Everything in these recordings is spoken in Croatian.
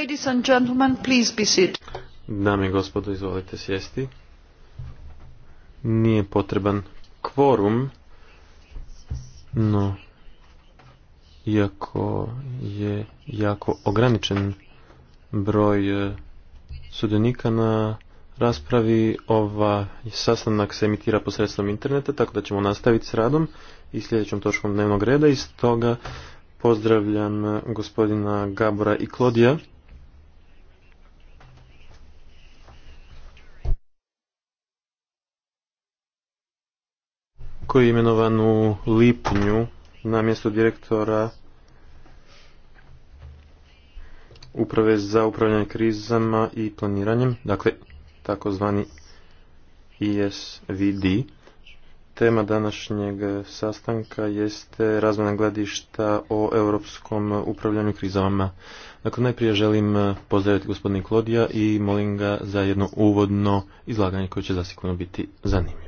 Ladies and gentlemen, please Dame i gospodo, izvolite sjesti. Nije potreban kvorum, no iako je jako ograničen broj e, sudionika na raspravi, ova sastanak se emitira posredstvom interneta, tako da ćemo nastaviti s radom i sljedećom točkom dnevnog reda i stoga pozdravljam gospodina Gabora i Klodija koji je imenovan u lipnju na mjesto direktora uprave za upravljanje krizama i planiranjem, dakle takozvani ISVD. Tema današnjeg sastanka jeste razmjena gledišta o europskom upravljanju krizama. Dakle, najprije želim pozdraviti gospodina Klodija i molim ga za jedno uvodno izlaganje koje će zasigurno biti zanimljivo.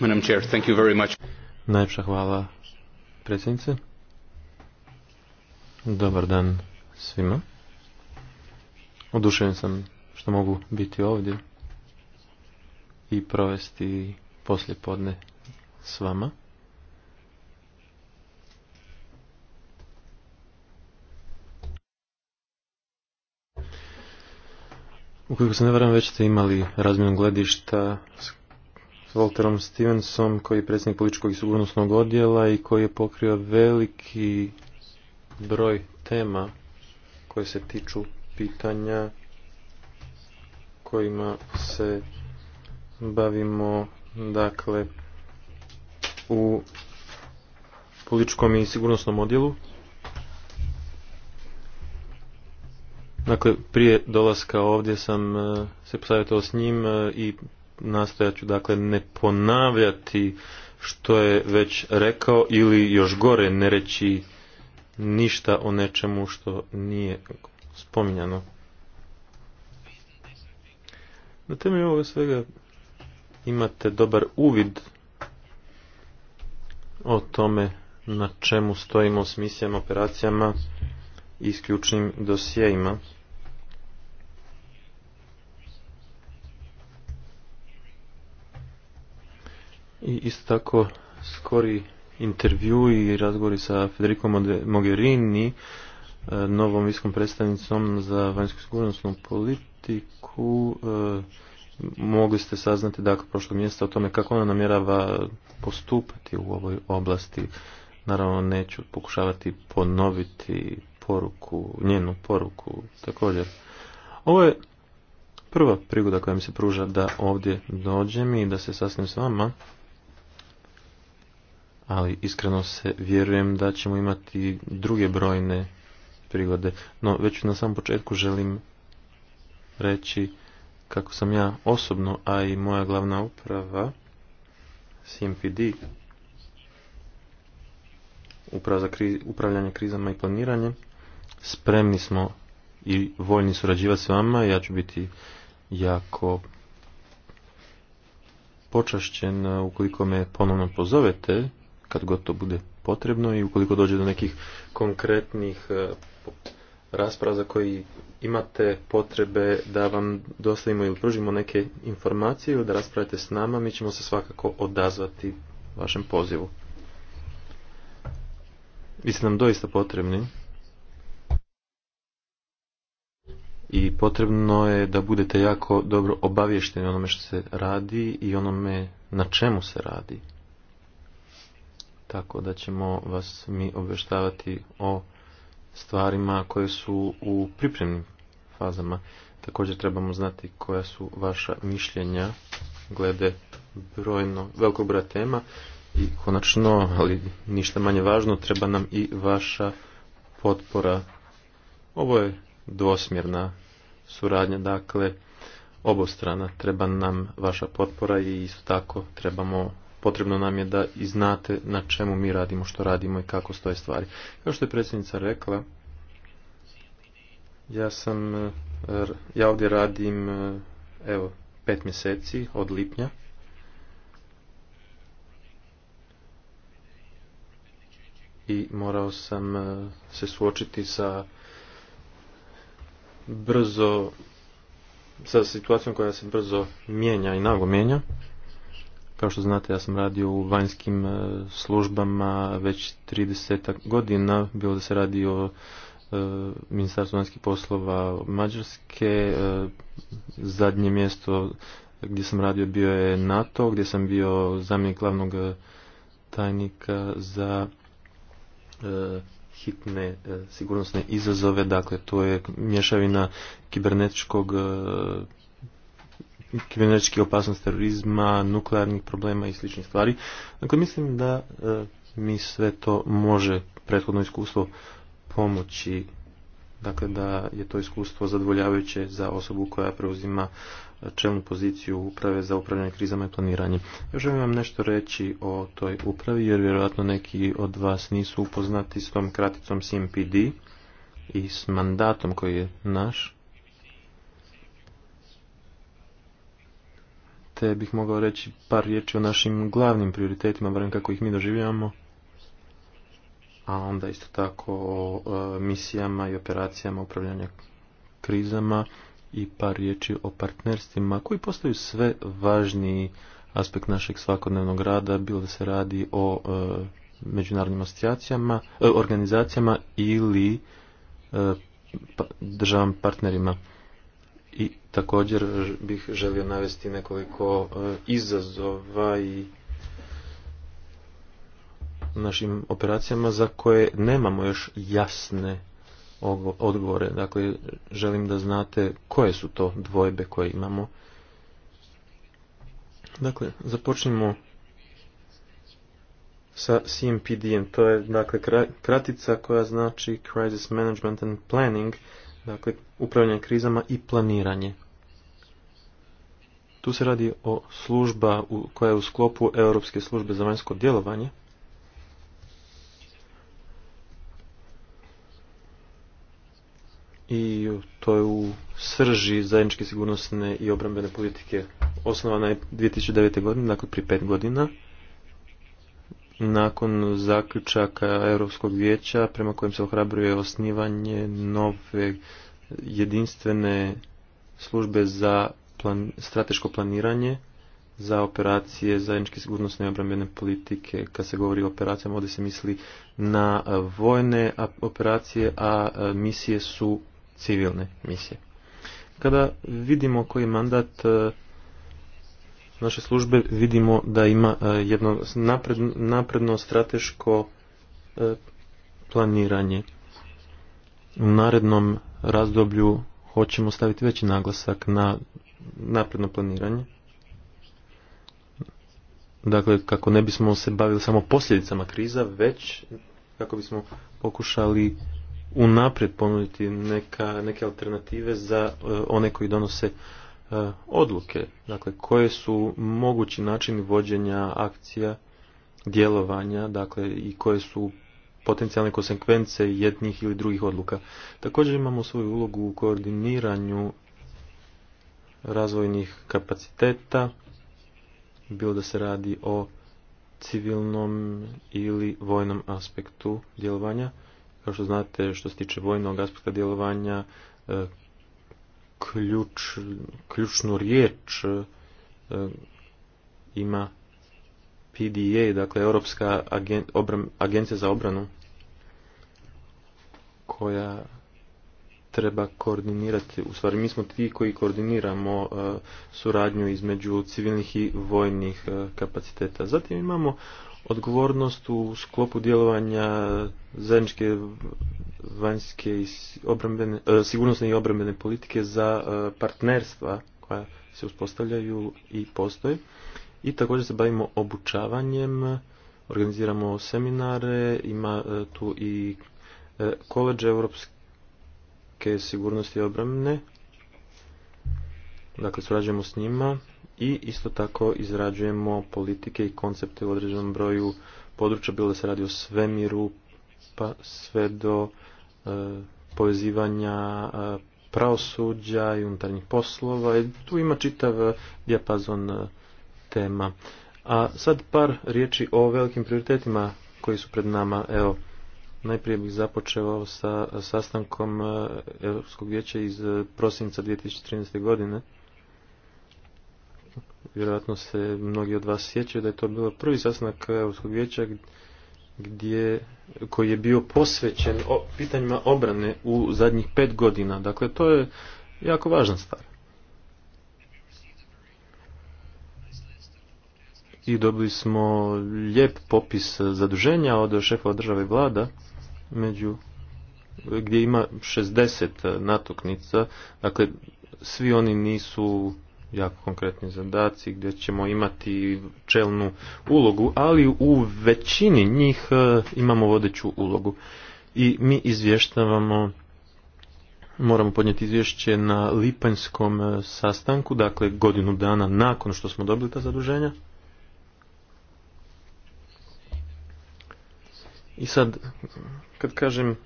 Madam Chair, thank hvala predsjednice. Dobar dan svima. Odušen sam što mogu biti ovdje i provesti poslje podne s vama. Ukoliko se ne varam, već ste imali razmjenu gledišta s Walterom Stevensom koji je predsjednik političkog i sigurnosnog odjela i koji je pokrio veliki broj tema koje se tiču pitanja kojima se bavimo dakle u političkom i sigurnosnom odjelu. Dakle, prije dolaska ovdje sam eh, se posavjetao s njim eh, i nastojat ću dakle ne ponavljati što je već rekao ili još gore ne reći ništa o nečemu što nije spominjano. Na temelju ovoga svega imate dobar uvid o tome na čemu stojimo s misijama, operacijama i isključnim dosijejima. I isto tako skori intervju i razgovori sa Federico Mogherini, e, novom viskom predstavnicom za vanjsku sigurnosnu politiku, e, mogli ste saznati dakle prošlog mjesta o tome kako ona namjerava postupati u ovoj oblasti. Naravno neću pokušavati ponoviti poruku, njenu poruku također. Ovo je prva prigoda koja mi se pruža da ovdje dođem i da se sasnim s vama ali iskreno se vjerujem da ćemo imati druge brojne prigode. No, već na samom početku želim reći kako sam ja osobno, a i moja glavna uprava, CMPD, uprava za upravljanje krizama i planiranje, spremni smo i voljni surađivati s vama. Ja ću biti jako počašćen ukoliko me ponovno pozovete kad god to bude potrebno i ukoliko dođe do nekih konkretnih e, rasprava za koji imate potrebe da vam dostavimo ili pružimo neke informacije ili da raspravite s nama, mi ćemo se svakako odazvati vašem pozivu. Vi ste nam doista potrebni i potrebno je da budete jako dobro obavješteni onome što se radi i onome na čemu se radi tako da ćemo vas mi obještavati o stvarima koje su u pripremnim fazama. Također trebamo znati koja su vaša mišljenja glede brojno, veliko broja tema i konačno, ali ništa manje važno, treba nam i vaša potpora. Ovo je dvosmjerna suradnja, dakle, obostrana treba nam vaša potpora i isto tako trebamo potrebno nam je da i znate na čemu mi radimo, što radimo i kako stoje stvari. Kao što je predsjednica rekla, ja sam, eh, ja ovdje radim, eh, evo, pet mjeseci od lipnja. I morao sam eh, se suočiti sa brzo, sa situacijom koja se brzo mijenja i nago mijenja. Kao što znate, ja sam radio u vanjskim e, službama već 30 godina, bilo da se radi o e, Ministarstvu vanjskih poslova Mađarske. E, zadnje mjesto gdje sam radio bio je NATO, gdje sam bio zamjenik glavnog tajnika za hitne sigurnosne izazove, dakle to je mješavina kibernetičkog kibernetički opasnost terorizma, nuklearnih problema i sličnih stvari. Dakle, mislim da e, mi sve to može prethodno iskustvo pomoći dakle da je to iskustvo zadovoljavajuće za osobu koja preuzima e, čelnu poziciju uprave za upravljanje krizama i planiranje. Još želim vam nešto reći o toj upravi jer vjerojatno neki od vas nisu upoznati s tom kraticom CMPD i s mandatom koji je naš. te bih mogao reći par riječi o našim glavnim prioritetima, barem kako ih mi doživljavamo, a onda isto tako o e, misijama i operacijama upravljanja krizama i par riječi o partnerstvima koji postaju sve važniji aspekt našeg svakodnevnog rada, bilo da se radi o e, međunarodnim asocijacijama, e, organizacijama ili e, pa, partnerima. Također bih želio navesti nekoliko e, izazova i našim operacijama za koje nemamo još jasne odgovore. Dakle, želim da znate koje su to dvojbe koje imamo. Dakle, započnimo sa cmpd To je dakle, kratica koja znači Crisis Management and Planning, dakle upravljanje krizama i planiranje. Tu se radi o služba koja je u sklopu Europske službe za vanjsko djelovanje. I to je u srži zajedničke sigurnosne i obrambene politike. Osnovana je 2009. godine, dakle prije pet godina nakon zaključaka Europskog vijeća prema kojem se ohrabruje osnivanje nove jedinstvene službe za plan, strateško planiranje za operacije zajedničke sigurnosne i obrambene politike. Kad se govori o operacijama, ovdje se misli na vojne operacije, a misije su civilne misije. Kada vidimo koji mandat naše službe vidimo da ima e, jedno napredno, napredno strateško e, planiranje. U narednom razdoblju hoćemo staviti veći naglasak na napredno planiranje. Dakle, kako ne bismo se bavili samo posljedicama kriza, već kako bismo pokušali unaprijed ponuditi neka, neke alternative za e, one koji donose E, odluke, dakle koje su mogući načini vođenja akcija, djelovanja, dakle i koje su potencijalne konsekvence jednih ili drugih odluka. Također imamo svoju ulogu u koordiniranju razvojnih kapaciteta, bilo da se radi o civilnom ili vojnom aspektu djelovanja. Kao što znate, što se tiče vojnog aspekta djelovanja, e, ključ, ključnu riječ e, ima PDA, dakle Europska agen, agencija za obranu koja treba koordinirati, u stvari mi smo ti koji koordiniramo e, suradnju između civilnih i vojnih e, kapaciteta. Zatim imamo odgovornost u sklopu djelovanja zajedničke vanjske i obrambene, e, sigurnosne i obrambene politike za e, partnerstva koja se uspostavljaju i postoje. I također se bavimo obučavanjem, organiziramo seminare, ima e, tu i koleđe europske sigurnosti i obrambene, dakle surađujemo s njima i isto tako izrađujemo politike i koncepte u određenom broju područja, bilo da se radi o svemiru, pa sve do E, povezivanja e, pravosuđa i unutarnjih poslova. Tu ima čitav e, dijapazon tema. A sad par riječi o velikim prioritetima koji su pred nama. Evo, najprije bih započeo sa sastankom Europskog vijeća iz prosinca 2013. godine. Vjerojatno se mnogi od vas sjećaju da je to bilo prvi sastanak Europskog vijeća gdje, koji je bio posvećen o pitanjima obrane u zadnjih pet godina. Dakle, to je jako važna stvar. I dobili smo lijep popis zaduženja od šefa države vlada, među, gdje ima 60 natuknica. Dakle, svi oni nisu jako konkretni zadaci gdje ćemo imati čelnu ulogu, ali u većini njih e, imamo vodeću ulogu. I mi izvještavamo, moramo podnijeti izvješće na lipanjskom e, sastanku, dakle godinu dana nakon što smo dobili ta zaduženja. I sad, kad kažem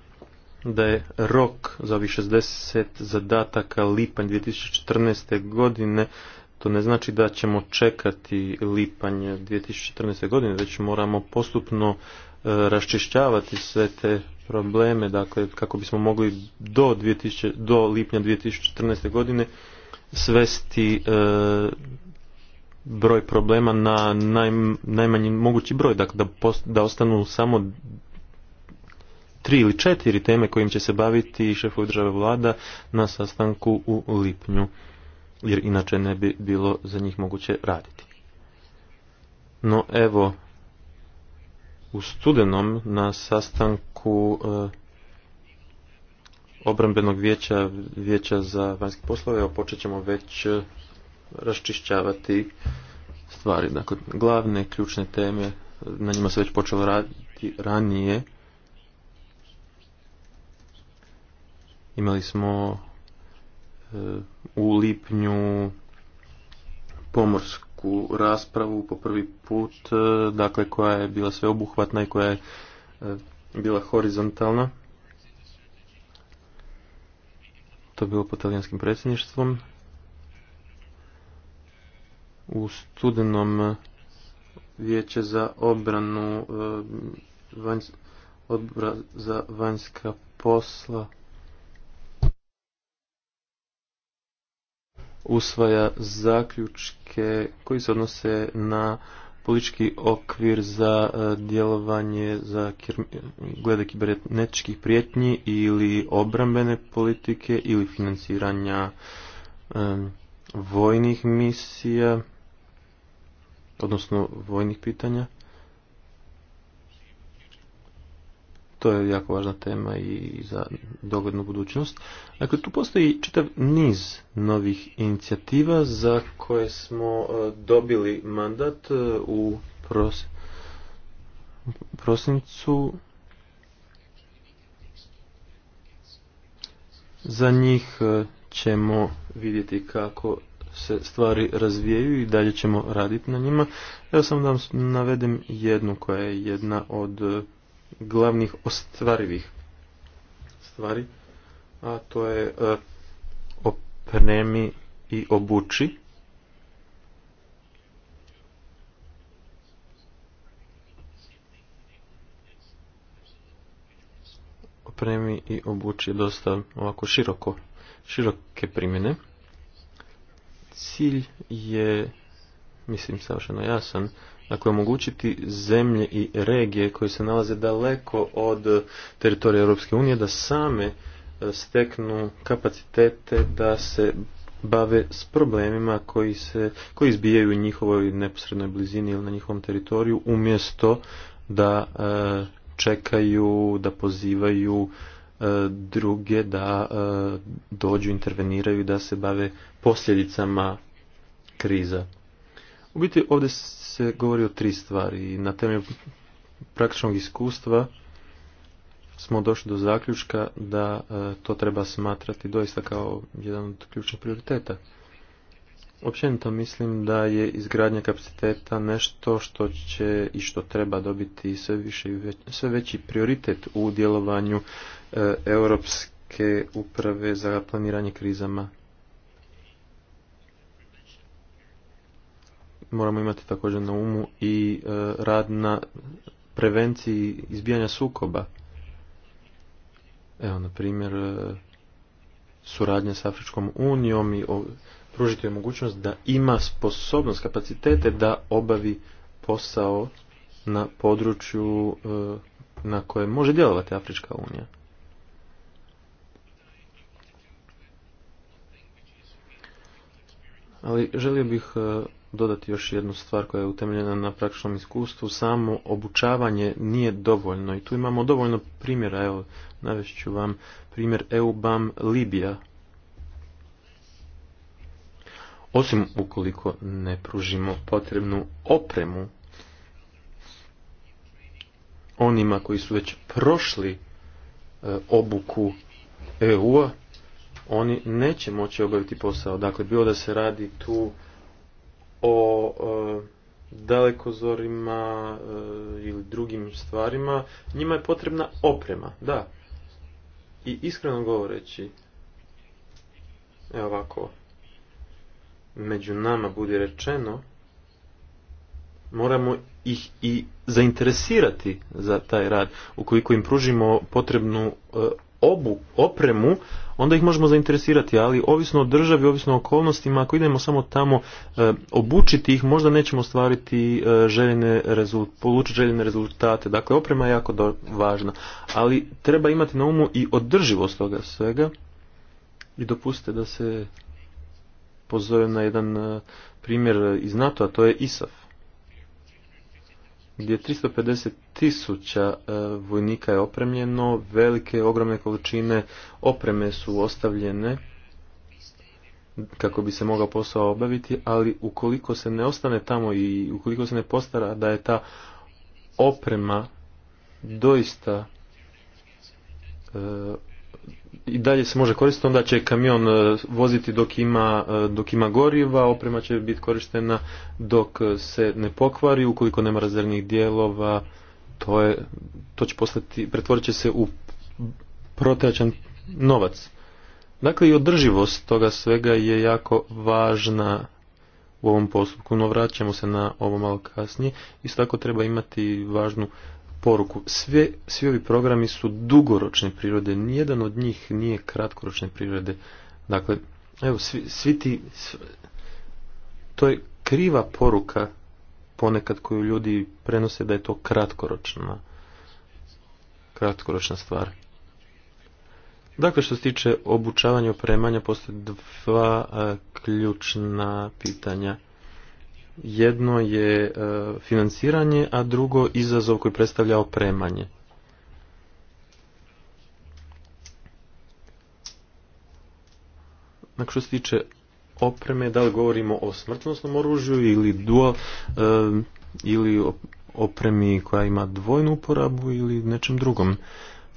da je rok za ovih 60 zadataka lipanj 2014. godine, to ne znači da ćemo čekati lipanj 2014. godine, već moramo postupno e, raščišćavati sve te probleme, dakle kako bismo mogli do, 2000, do lipnja 2014. godine svesti e, broj problema na najmanji mogući broj, dakle da, da ostanu samo tri ili četiri teme kojim će se baviti šefovi države vlada na sastanku u lipnju, jer inače ne bi bilo za njih moguće raditi. No evo, u studenom na sastanku e, obrambenog vijeća, vijeća za vanjske poslove, evo počet ćemo već e, raščišćavati stvari. Dakle, glavne ključne teme, na njima se već počelo raditi ranije, Imali smo e, u lipnju pomorsku raspravu po prvi put, e, dakle koja je bila sveobuhvatna i koja je e, bila horizontalna. To je bilo pod talijanskim predsjedništvom. U studenom vijeće za obranu za vanjska posla usvaja zaključke koji se odnose na politički okvir za e, djelovanje za glede kibernetičkih prijetnji ili obrambene politike ili financiranja e, vojnih misija, odnosno vojnih pitanja. to je jako važna tema i za doglednu budućnost. Dakle, tu postoji čitav niz novih inicijativa za koje smo e, dobili mandat e, u prosincu. Za njih e, ćemo vidjeti kako se stvari razvijaju i dalje ćemo raditi na njima. Evo sam da vam navedem jednu koja je jedna od glavnih ostvarivih stvari, a to je e, opremi i obuči. Opremi i obuči je dosta ovako široko, široke primjene. Cilj je, mislim, savršeno jasan, dakle omogućiti zemlje i regije koje se nalaze daleko od teritorija Europske unije da same e, steknu kapacitete da se bave s problemima koji se koji izbijaju u njihovoj neposrednoj blizini ili na njihovom teritoriju umjesto da e, čekaju da pozivaju e, druge da dođu interveniraju da se bave posljedicama kriza u biti ovdje se govori o tri stvari i na temelju praktičnog iskustva smo došli do zaključka da e, to treba smatrati doista kao jedan od ključnih prioriteta. Općenito mislim da je izgradnja kapaciteta nešto što će i što treba dobiti sve, više, sve veći prioritet u djelovanju e, europske uprave za planiranje krizama moramo imati također na umu i e, rad na prevenciji izbijanja sukoba. Evo, na primjer, e, suradnja s Afričkom unijom i pružiti mogućnost da ima sposobnost, kapacitete da obavi posao na području e, na koje može djelovati Afrička unija. Ali želio bih dodati još jednu stvar koja je utemeljena na praktičnom iskustvu. Samo obučavanje nije dovoljno i tu imamo dovoljno primjera. Evo, navešću vam primjer EUBAM Libija. Osim ukoliko ne pružimo potrebnu opremu onima koji su već prošli e, obuku EU-a, oni neće moći obaviti posao. Dakle, bilo da se radi tu o dalekozorima e, ili drugim stvarima, njima je potrebna oprema, da. I iskreno govoreći, evo ovako, među nama bude rečeno, moramo ih i zainteresirati za taj rad. Ukoliko im pružimo potrebnu e, obu, opremu, onda ih možemo zainteresirati, ali ovisno o državi, ovisno o okolnostima, ako idemo samo tamo eh, obučiti ih, možda nećemo stvariti eh, željene polučiti željene rezultate. Dakle, oprema je jako važna, ali treba imati na umu i održivost toga svega i dopustite da se pozovem na jedan eh, primjer iz NATO, a to je ISAF gdje 350 tisuća e, vojnika je opremljeno, velike, ogromne količine opreme su ostavljene kako bi se mogao posao obaviti, ali ukoliko se ne ostane tamo i ukoliko se ne postara da je ta oprema doista e, i dalje se može koristiti, onda će kamion e, voziti dok ima, e, dok ima goriva, oprema će biti korištena dok se ne pokvari, ukoliko nema razrednih dijelova, to, je, to će postati, pretvorit će se u protračan novac. Dakle, i održivost toga svega je jako važna u ovom postupku, no vraćamo se na ovo malo kasnije. Isto tako treba imati važnu poruku. svi ovi programi su dugoročne prirode, nijedan od njih nije kratkoročne prirode. Dakle, evo, svi, svi ti, to je kriva poruka ponekad koju ljudi prenose da je to kratkoročna, kratkoročna stvar. Dakle, što se tiče obučavanja i opremanja, postoje dva e, ključna pitanja jedno je e, financiranje, a drugo izazov koji predstavlja opremanje. Dakle, što se tiče opreme, da li govorimo o smrtnostnom oružju ili dual, e, ili opremi koja ima dvojnu uporabu ili nečem drugom.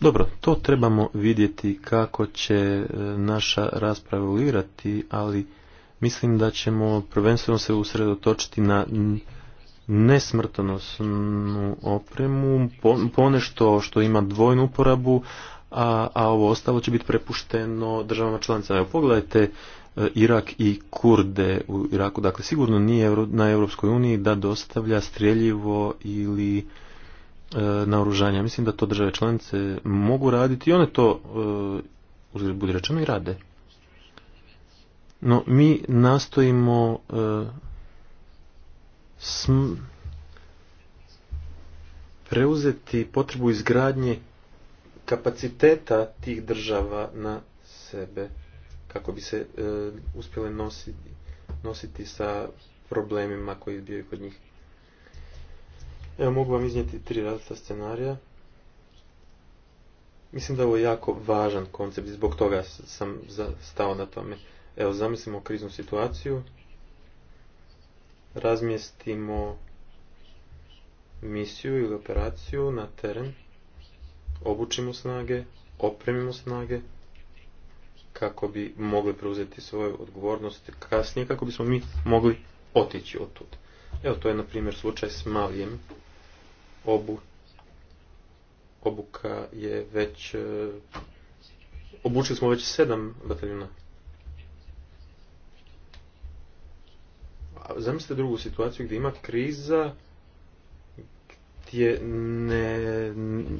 Dobro, to trebamo vidjeti kako će e, naša rasprava ulirati, ali Mislim da ćemo prvenstveno se usredotočiti na nesmrtonosnu opremu, ponešto što ima dvojnu uporabu, a, a ovo ostalo će biti prepušteno državama članicama. Evo pogledajte e, Irak i Kurde u Iraku. Dakle, sigurno nije na Europskoj uniji da dostavlja streljivo ili e, Mislim da to države članice mogu raditi i one to, e, uzgled budi rečeno, i rade. No, mi nastojimo e, preuzeti potrebu izgradnje kapaciteta tih država na sebe kako bi se uspjeli uspjele nositi, nositi sa problemima koji bio kod njih. Evo mogu vam iznijeti tri različita scenarija. Mislim da ovo jako važan koncept i zbog toga sam stao na tome. Evo, zamislimo kriznu situaciju, razmjestimo misiju ili operaciju na teren, obučimo snage, opremimo snage, kako bi mogli preuzeti svoju odgovornost kasnije, kako bismo mi mogli otići od tud. Evo, to je, na primjer, slučaj s Malijem. Obu, obuka je već... E, obučili smo već sedam bataljuna zamislite drugu situaciju gdje ima kriza gdje ne,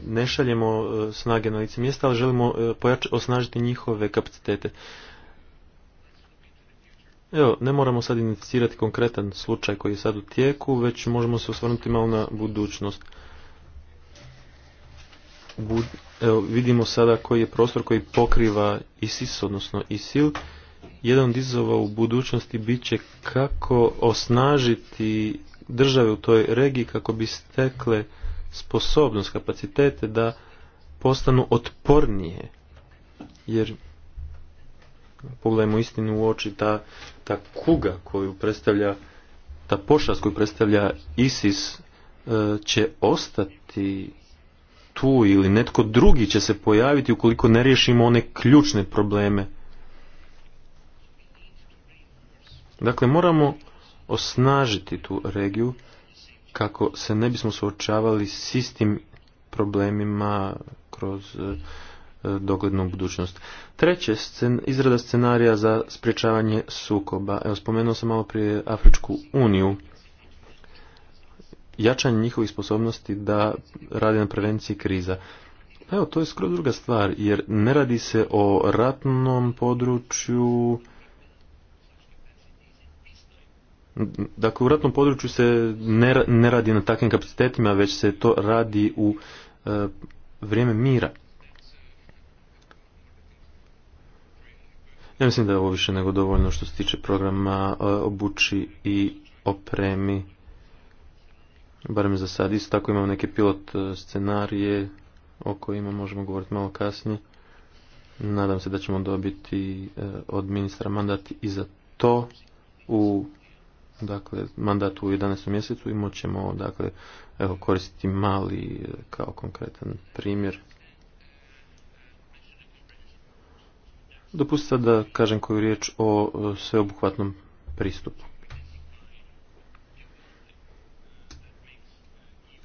ne šaljemo e, snage na lice mjesta, ali želimo e, osnažiti njihove kapacitete. Evo, ne moramo sad inicirati konkretan slučaj koji je sad u tijeku, već možemo se osvrnuti malo na budućnost. evo, vidimo sada koji je prostor koji pokriva ISIS, odnosno ISIL, jedan od izazova u budućnosti bit će kako osnažiti države u toj regiji kako bi stekle sposobnost, kapacitete da postanu otpornije. Jer pogledajmo istinu u oči, ta, ta kuga koju predstavlja, ta pošast koju predstavlja ISIS e, će ostati tu ili netko drugi će se pojaviti ukoliko ne riješimo one ključne probleme Dakle, moramo osnažiti tu regiju kako se ne bismo suočavali s istim problemima kroz e, doglednu budućnost. Treće, scen, izrada scenarija za sprječavanje sukoba. Evo, spomenuo sam malo prije Afričku uniju. Jačanje njihovih sposobnosti da radi na prevenciji kriza. Evo, to je skoro druga stvar, jer ne radi se o ratnom području, Dakle, u ratnom području se ne, ne radi na takvim kapacitetima, već se to radi u e, vrijeme mira. Ja mislim da je ovo više nego dovoljno što se tiče programa e, obuči i opremi. Barem za sad. Isto tako imamo neke pilot e, scenarije o kojima možemo govoriti malo kasnije. Nadam se da ćemo dobiti e, od ministra mandat i za to u dakle, mandat u 11. mjesecu i ćemo dakle, evo, koristiti mali e, kao konkretan primjer. Dopustite da kažem koju riječ o e, sveobuhvatnom pristupu.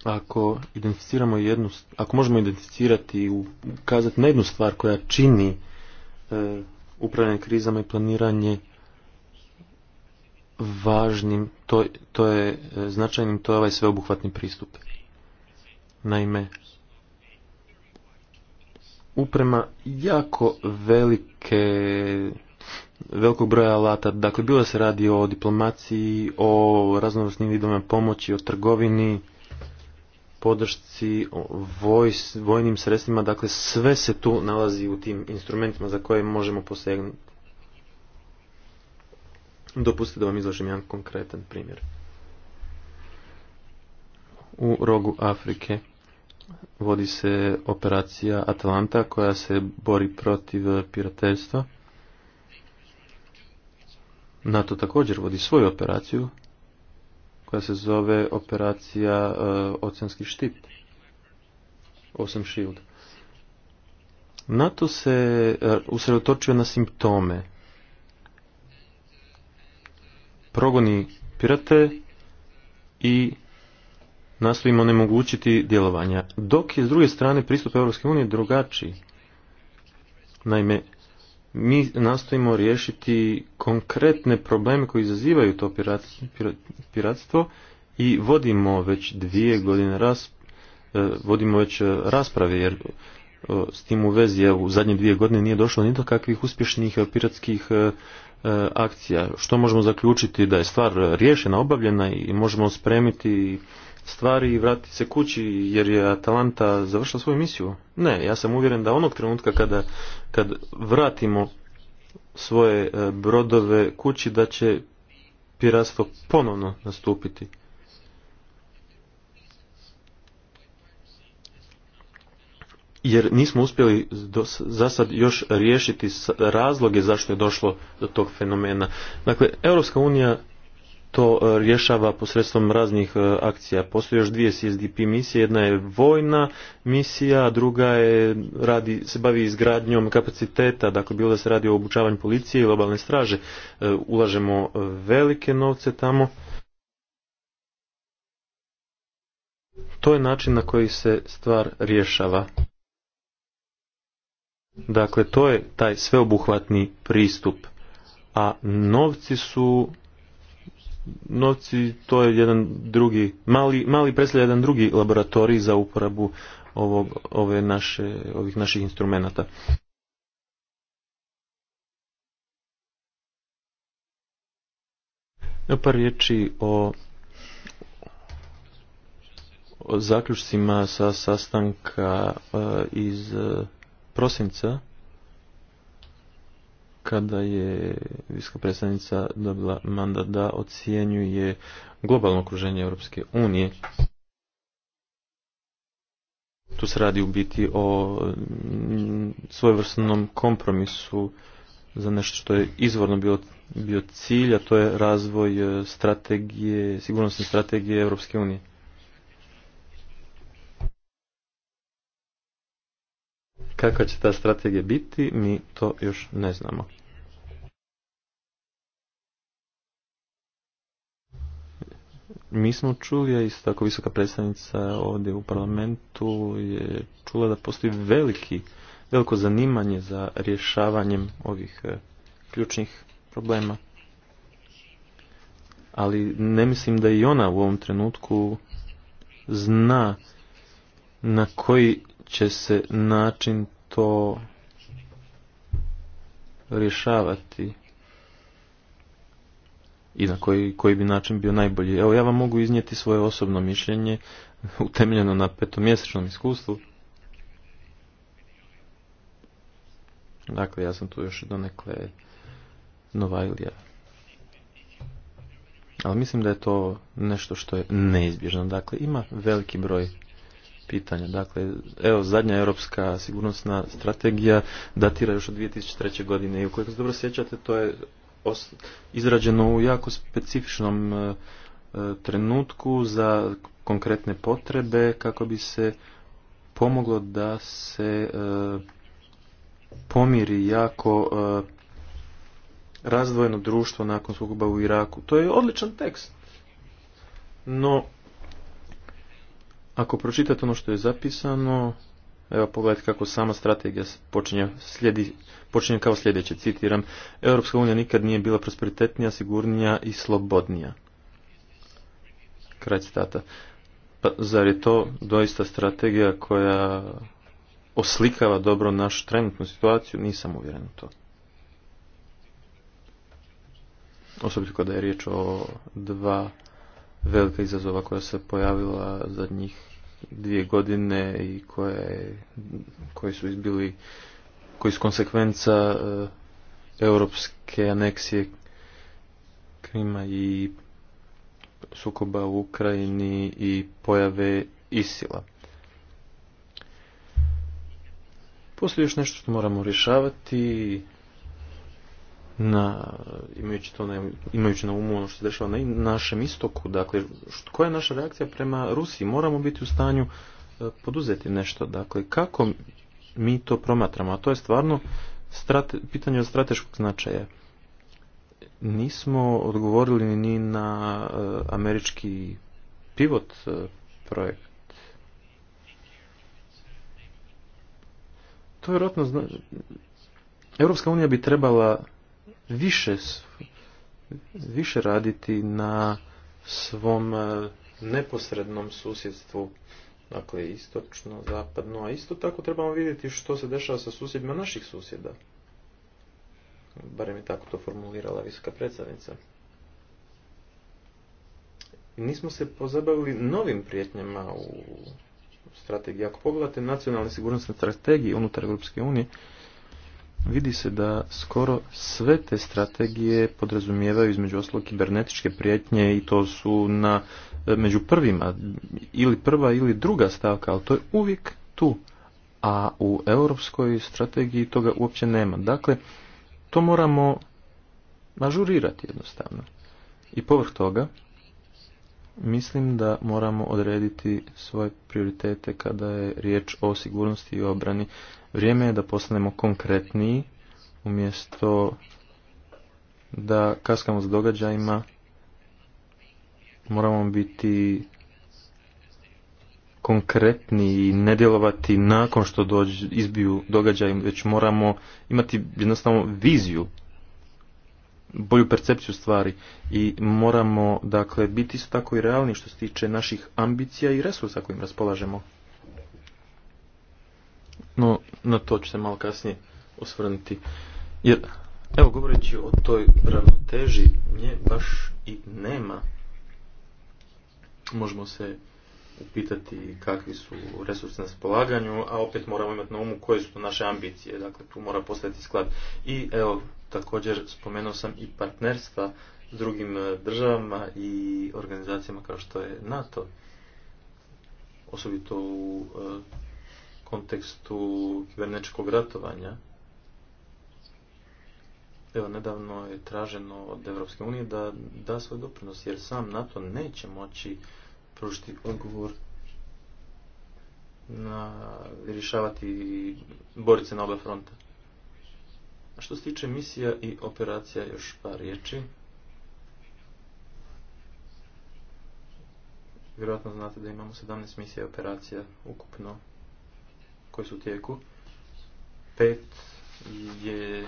Ako identificiramo jednu, ako možemo identificirati i ukazati na jednu stvar koja čini e, upravljanje krizama i planiranje važnim, to, to je e, značajnim, to je ovaj sveobuhvatni pristup. Naime, uprema jako velike velikog broja alata. Dakle, bilo da se radi o diplomaciji, o raznovrsnim vidovima pomoći, o trgovini, podršci, o voj, vojnim sredstvima. Dakle, sve se tu nalazi u tim instrumentima za koje možemo posegnuti. Dopustite da vam izložim jedan konkretan primjer. U rogu Afrike vodi se operacija Atlanta koja se bori protiv pirateljstva. NATO također vodi svoju operaciju koja se zove operacija e, Oceanski štit, Osam Shield. NATO se e, usredotočio na simptome progoni pirate i nastojimo onemogućiti djelovanja. Dok je s druge strane pristup Europske unije drugačiji. Naime, mi nastojimo riješiti konkretne probleme koji izazivaju to piratstvo i vodimo već dvije godine ras, e, vodimo već rasprave jer e, s tim u vezi u zadnje dvije godine nije došlo ni do kakvih uspješnih e, piratskih E, akcija, što možemo zaključiti da je stvar riješena, obavljena i možemo spremiti stvari i vratiti se kući jer je Atalanta završila svoju misiju? Ne, ja sam uvjeren da onog trenutka kada, kad vratimo svoje e, brodove kući da će piratstvo ponovno nastupiti. jer nismo uspjeli za sad još riješiti razloge zašto je došlo do tog fenomena. Dakle, Europska unija to e, rješava posredstvom raznih e, akcija. Postoje još dvije CSDP misije, jedna je vojna misija, a druga je, radi, se bavi izgradnjom kapaciteta, dakle bilo da se radi o obučavanju policije i globalne straže. E, ulažemo velike novce tamo. To je način na koji se stvar rješava. Dakle, to je taj sveobuhvatni pristup, a novci su novci, to je jedan drugi, mali, mali predstavlja jedan drugi laboratorij za uporabu ovog, ove naše, ovih naših instrumenata. Par riječi o, o zaključcima sa sastanka e, iz prosinca kada je viska predstavnica dobila mandat da ocjenjuje globalno okruženje Europske unije. Tu se radi u biti o mm, svojevrsnom kompromisu za nešto što je izvorno bio, bio cilj, a to je razvoj e, strategije, sigurnosne strategije Europske unije. Kakva će ta strategija biti, mi to još ne znamo. Mi smo čuli, a isto tako visoka predstavnica ovdje u parlamentu je čula da postoji veliki, veliko zanimanje za rješavanjem ovih e, ključnih problema. Ali ne mislim da i ona u ovom trenutku zna na koji će se način to rješavati i na koji, koji bi način bio najbolji. Evo, ja vam mogu iznijeti svoje osobno mišljenje utemljeno na petomjesečnom iskustvu. Dakle, ja sam tu još donekle Novajlija. Ali mislim da je to nešto što je neizbježno. Dakle, ima veliki broj pitanja. Dakle, evo, zadnja europska sigurnosna strategija datira još od 2003. godine i ukoliko se dobro sjećate, to je izrađeno u jako specifičnom e, e, trenutku za konkretne potrebe kako bi se pomoglo da se e, pomiri jako razdvojeno društvo nakon sukoba u Iraku. To je odličan tekst. No, ako pročitate ono što je zapisano, evo pogledajte kako sama strategija počinje, slijedi, počinje kao sljedeće, citiram, Europska unija nikad nije bila prosperitetnija, sigurnija i slobodnija. Kraj citata. Pa zar je to doista strategija koja oslikava dobro našu trenutnu situaciju? Nisam uvjeren u to. Osobito kada je riječ o dva velika izazova koja se pojavila zadnjih dvije godine i koje, koji su izbili koji su konsekvenca eh, europske aneksije Krima i sukoba u Ukrajini i pojave Isila. Poslije još nešto što moramo rješavati na, imajući, to na, imajući na umu ono što se dešava na našem istoku, dakle, koja je naša reakcija prema Rusiji? Moramo biti u stanju e, poduzeti nešto, dakle, kako mi to promatramo, a to je stvarno pitanje od strateškog značaja. Nismo odgovorili ni na e, američki pivot e, projekt. To je vjerojatno Europska unija bi trebala više, više raditi na svom e, neposrednom susjedstvu dakle istočno, zapadno, a isto tako trebamo vidjeti što se dešava sa susjedima naših susjeda. Barem je tako to formulirala visoka predstavnica. Nismo se pozabavili novim prijetnjama u strategiji. Ako pogledate nacionalne sigurnosne strategije unutar Europske unije, vidi se da skoro sve te strategije podrazumijevaju između ostalog kibernetičke prijetnje i to su na e, među prvima ili prva ili druga stavka, ali to je uvijek tu, a u europskoj strategiji toga uopće nema. Dakle, to moramo mažurirati jednostavno. I povrh toga, Mislim da moramo odrediti svoje prioritete kada je riječ o sigurnosti i obrani. Vrijeme je da postanemo konkretniji umjesto da kaskamo s događajima. Moramo biti konkretni i ne djelovati nakon što izbiju događaj, već moramo imati jednostavno viziju bolju percepciju stvari i moramo dakle biti isto tako i realni što se tiče naših ambicija i resursa kojim raspolažemo. No, na to ću se malo kasnije osvrnuti. Jer, evo, govoreći o toj ravnoteži, nje baš i nema. Možemo se upitati kakvi su resursi na raspolaganju, a opet moramo imati na umu koje su naše ambicije, dakle tu mora postaviti sklad. I evo, također spomenuo sam i partnerstva s drugim e, državama i organizacijama kao što je NATO, osobito u e, kontekstu kibernetičkog ratovanja. Evo, nedavno je traženo od Europske unije da da svoj doprinos, jer sam NATO neće moći pružiti odgovor na rješavati borice na oba fronta. A što se tiče misija i operacija, još par riječi. Vjerojatno znate da imamo 17 misija i operacija ukupno koje su u tijeku. Pet je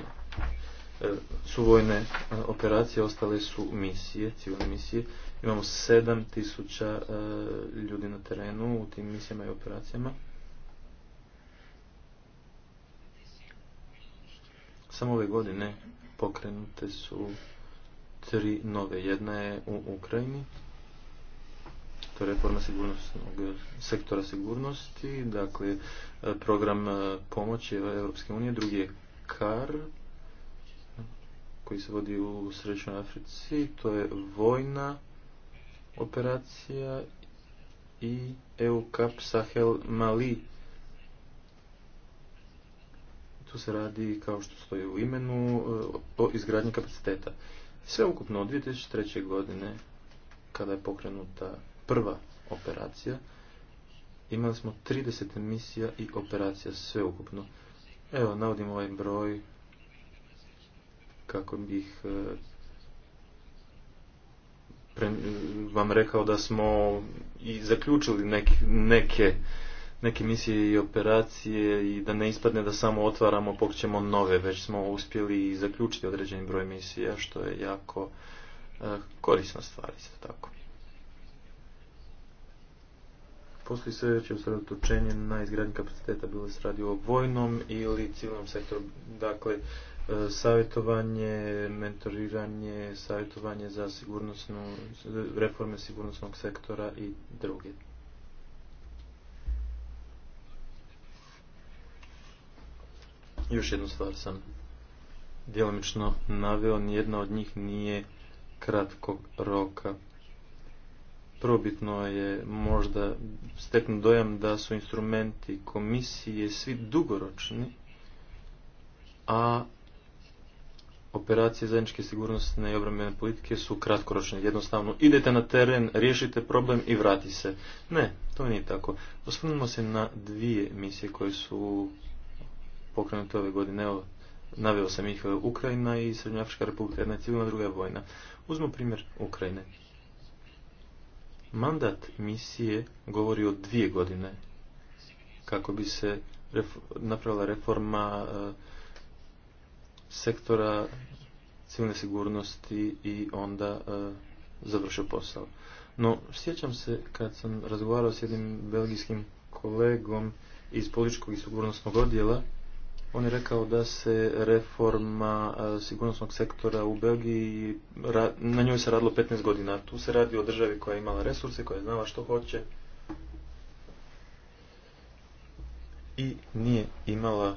E, su vojne e, operacije, ostale su misije, civilne misije. Imamo 7000 e, ljudi na terenu u tim misijama i operacijama. Samo ove godine pokrenute su tri nove. Jedna je u Ukrajini, to je reforma sektora sigurnosti, dakle program pomoći Europske unije, drugi je CAR, koji se vodi u Srećnoj Africi. To je vojna operacija i EUCAP Sahel Mali. Tu se radi, kao što stoji u imenu, o izgradnji kapaciteta. Sve ukupno od 2003. godine, kada je pokrenuta prva operacija, imali smo 30 misija i operacija sve ukupno. Evo, navodim ovaj broj kako bih e, e, vam rekao da smo i zaključili neke, neke, neke misije i operacije i da ne ispadne da samo otvaramo, pokćemo nove, već smo uspjeli i zaključiti određeni broj misija, što je jako e, korisna stvar, isto tako. Poslije sve usredotočenje na izgradnji kapaciteta, bilo se radi o vojnom ili civilnom sektoru, dakle, E, savjetovanje, mentoriranje, savjetovanje za sigurnosnu, reforme sigurnosnog sektora i druge. Još jednu stvar sam djelomično naveo, nijedna od njih nije kratkog roka. Probitno je možda steknu dojam da su instrumenti komisije svi dugoročni, a operacije zajedničke sigurnosne i obrambene politike su kratkoročne. Jednostavno, idete na teren, riješite problem i vrati se. Ne, to nije tako. Osvrnimo se na dvije misije koje su pokrenute ove godine. Evo, naveo sam ih Ukrajina i Srednjoafrička republika, jedna je civilna, druga je vojna. Uzmo primjer Ukrajine. Mandat misije govori o dvije godine kako bi se napravila reforma eh, sektora civilne sigurnosti i onda e, završio posao. No, sjećam se kad sam razgovarao s jednim belgijskim kolegom iz političkog i sigurnosnog odjela, on je rekao da se reforma e, sigurnosnog sektora u Belgiji, na njoj se radilo 15 godina. Tu se radi o državi koja je imala resurse, koja je znala što hoće i nije imala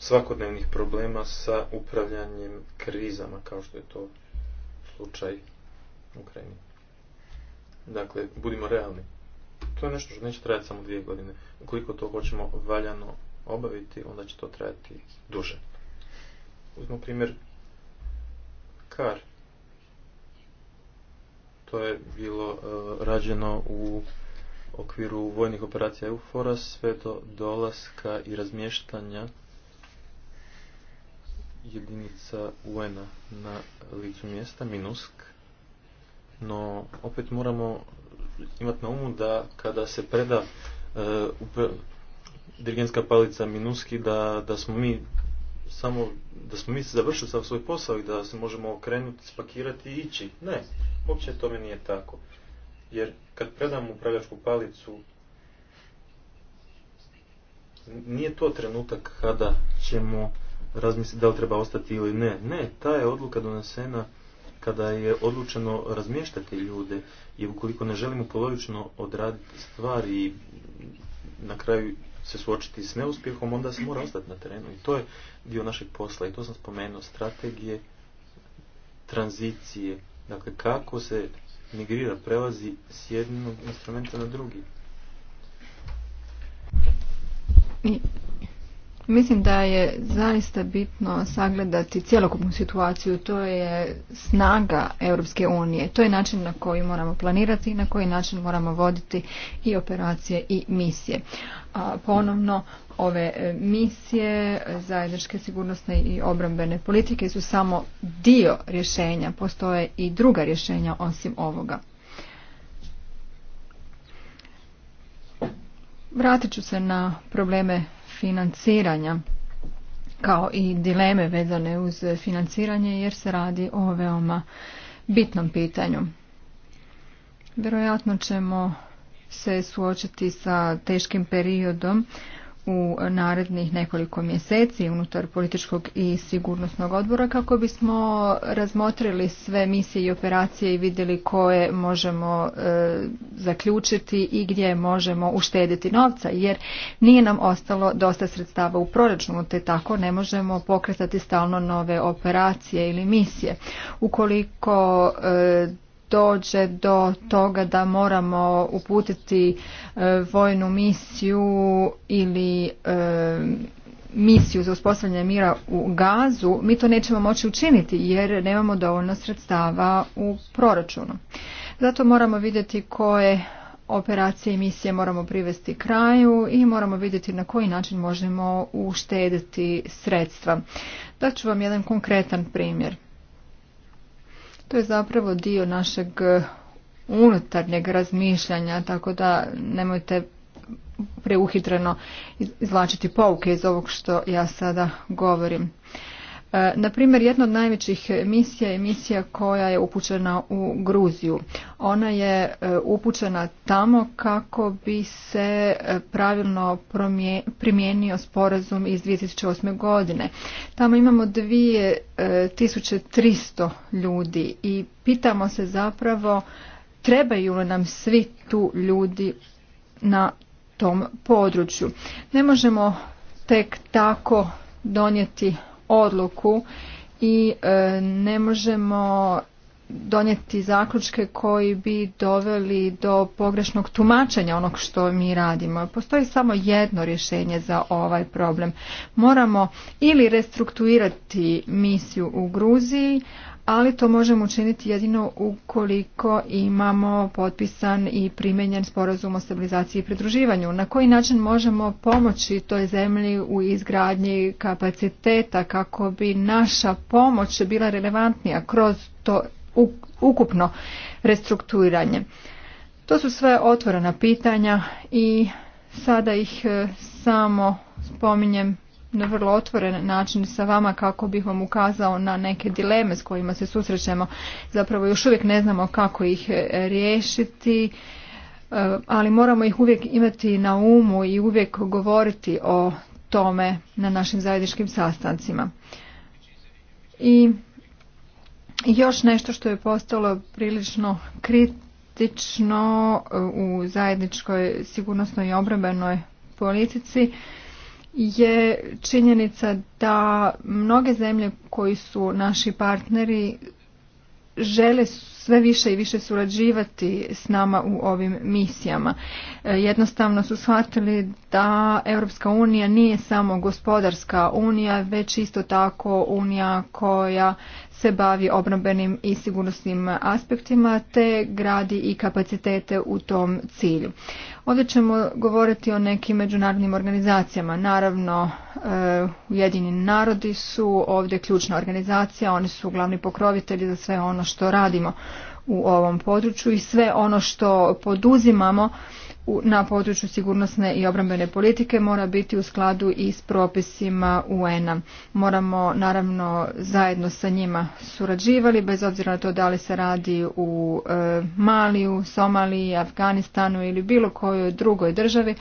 svakodnevnih problema sa upravljanjem krizama, kao što je to slučaj u Ukrajini. Dakle, budimo realni. To je nešto što neće trajati samo dvije godine. Ukoliko to hoćemo valjano obaviti, onda će to trajati duže. Uzmo primjer kar. To je bilo e, rađeno u okviru vojnih operacija EUFORA sve do dolaska i razmještanja jedinica Uena na licu mjesta, Minusk, no opet moramo imati na umu da kada se preda uh, dirigentska palica Minuski, da, da smo mi samo da smo mi završili sa svoj posao i da se možemo okrenuti, spakirati i ići. Ne, uopće tome nije tako. Jer kad predam upravljačku palicu, nije to trenutak kada ćemo razmisliti da li treba ostati ili ne. Ne, ta je odluka donesena kada je odlučeno razmještati ljude i ukoliko ne želimo polovično odraditi stvari i na kraju se suočiti s neuspjehom, onda se mora ostati na terenu. I to je dio našeg posla i to sam spomenuo, strategije, tranzicije, dakle kako se migrira, prelazi s jednog instrumenta na drugi. Mislim da je zaista bitno sagledati cjelokupnu situaciju. To je snaga Europske unije. To je način na koji moramo planirati i na koji način moramo voditi i operacije i misije. A ponovno, ove e, misije zajedničke sigurnosne i obrambene politike su samo dio rješenja. Postoje i druga rješenja osim ovoga. Vratit ću se na probleme financiranja kao i dileme vezane uz financiranje jer se radi o veoma bitnom pitanju. Vjerojatno ćemo se suočiti sa teškim periodom u narednih nekoliko mjeseci unutar političkog i sigurnosnog odbora kako bismo razmotrili sve misije i operacije i vidjeli koje možemo e, zaključiti i gdje možemo uštediti novca jer nije nam ostalo dosta sredstava u proračunu te tako ne možemo pokretati stalno nove operacije ili misije. Ukoliko e, dođe do toga da moramo uputiti e, vojnu misiju ili e, misiju za uspostavljanje mira u gazu, mi to nećemo moći učiniti jer nemamo dovoljno sredstava u proračunu. Zato moramo vidjeti koje operacije i misije moramo privesti kraju i moramo vidjeti na koji način možemo uštediti sredstva. Daću vam jedan konkretan primjer. To je zapravo dio našeg e, unutarnjeg razmišljanja, tako da nemojte preuhitreno izvlačiti pouke iz ovog što ja sada govorim. E, na primjer, jedna od najvećih misija je misija koja je upućena u Gruziju. Ona je e, upućena tamo kako bi se e, pravilno primijenio sporazum iz 2008. godine. Tamo imamo 2300 ljudi i pitamo se zapravo trebaju li nam svi tu ljudi na tom području. Ne možemo tek tako donijeti odluku i e, ne možemo donijeti zaključke koji bi doveli do pogrešnog tumačenja onog što mi radimo. Postoji samo jedno rješenje za ovaj problem. Moramo ili restrukturirati misiju u Gruziji, ali to možemo učiniti jedino ukoliko imamo potpisan i primenjen sporazum o stabilizaciji i pridruživanju. Na koji način možemo pomoći toj zemlji u izgradnji kapaciteta kako bi naša pomoć bila relevantnija kroz to ukupno restrukturiranje. To su sve otvorena pitanja i sada ih e, samo spominjem na vrlo otvoren način sa vama kako bih vam ukazao na neke dileme s kojima se susrećemo. Zapravo još uvijek ne znamo kako ih e, riješiti, e, ali moramo ih uvijek imati na umu i uvijek govoriti o tome na našim zajedničkim sastancima. I još nešto što je postalo prilično kritično e, u zajedničkoj sigurnosnoj i obrambenoj politici je činjenica da mnoge zemlje koji su naši partneri žele sve više i više surađivati s nama u ovim misijama. E, jednostavno su shvatili da Europska unija nije samo gospodarska unija, već isto tako unija koja se bavi obrambenim i sigurnosnim aspektima te gradi i kapacitete u tom cilju. Ovdje ćemo govoriti o nekim međunarodnim organizacijama. Naravno, e, Ujedini narodi su ovdje ključna organizacija, oni su glavni pokrovitelji za sve ono što radimo u ovom području i sve ono što poduzimamo na području sigurnosne i obrambene politike mora biti u skladu i s propisima UN-a. Moramo naravno zajedno sa njima surađivali, bez obzira na to da li se radi u e, Maliju, Somaliji, Afganistanu ili bilo kojoj drugoj državi.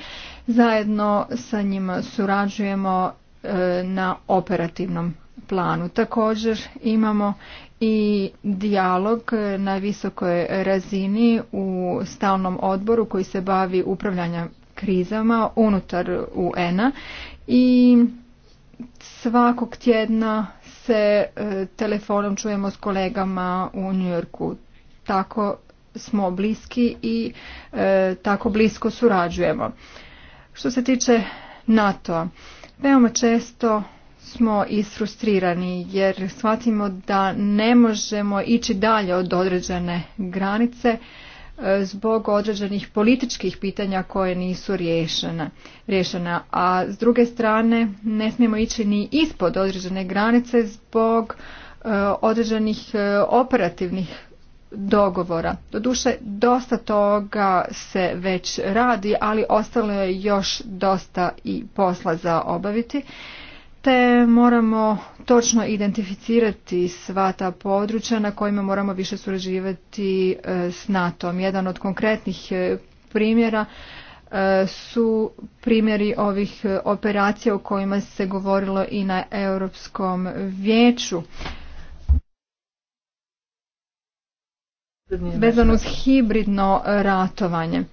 Zajedno sa njima surađujemo e, na operativnom planu. Također imamo i dijalog na visokoj razini u stalnom odboru koji se bavi upravljanjem krizama unutar UN-a i svakog tjedna se e, telefonom čujemo s kolegama u Yorku, Tako smo bliski i e, tako blisko surađujemo. Što se tiče NATO-a, veoma često smo isfrustrirani jer shvatimo da ne možemo ići dalje od određene granice e, zbog određenih političkih pitanja koje nisu rješena, riješena. A s druge strane ne smijemo ići ni ispod određene granice zbog e, određenih e, operativnih dogovora. Doduše, dosta toga se već radi, ali ostalo je još dosta i posla za obaviti te moramo točno identificirati sva ta područja na kojima moramo više surađivati e, s NATO-om. Jedan od konkretnih e, primjera e, su primjeri ovih operacija o kojima se govorilo i na Europskom vijeću. Vezano uz hibridno ratovanje.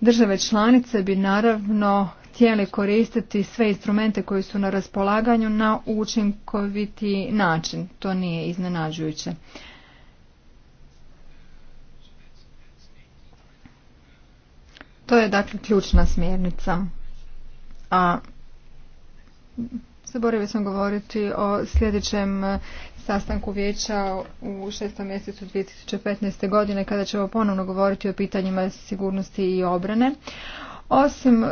Države članice bi naravno htjeli koristiti sve instrumente koji su na raspolaganju na učinkoviti način. To nije iznenađujuće. To je dakle ključna smjernica. A zaboravio sam govoriti o sljedećem e, sastanku vijeća u šestom mjesecu 2015. godine kada ćemo ponovno govoriti o pitanjima sigurnosti i obrane. Osim e,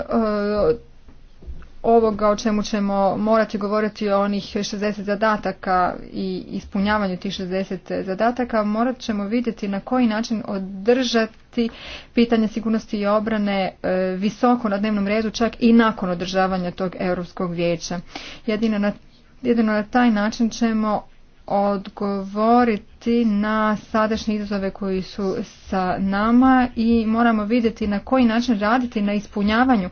ovoga o čemu ćemo morati govoriti o onih 60 zadataka i ispunjavanju tih 60 zadataka, morat ćemo vidjeti na koji način održati pitanje sigurnosti i obrane e, visoko na dnevnom redu, čak i nakon održavanja tog Europskog vijeća. Jedino na, jedino na taj način ćemo odgovoriti na sadašnje izazove koji su sa nama i moramo vidjeti na koji način raditi na ispunjavanju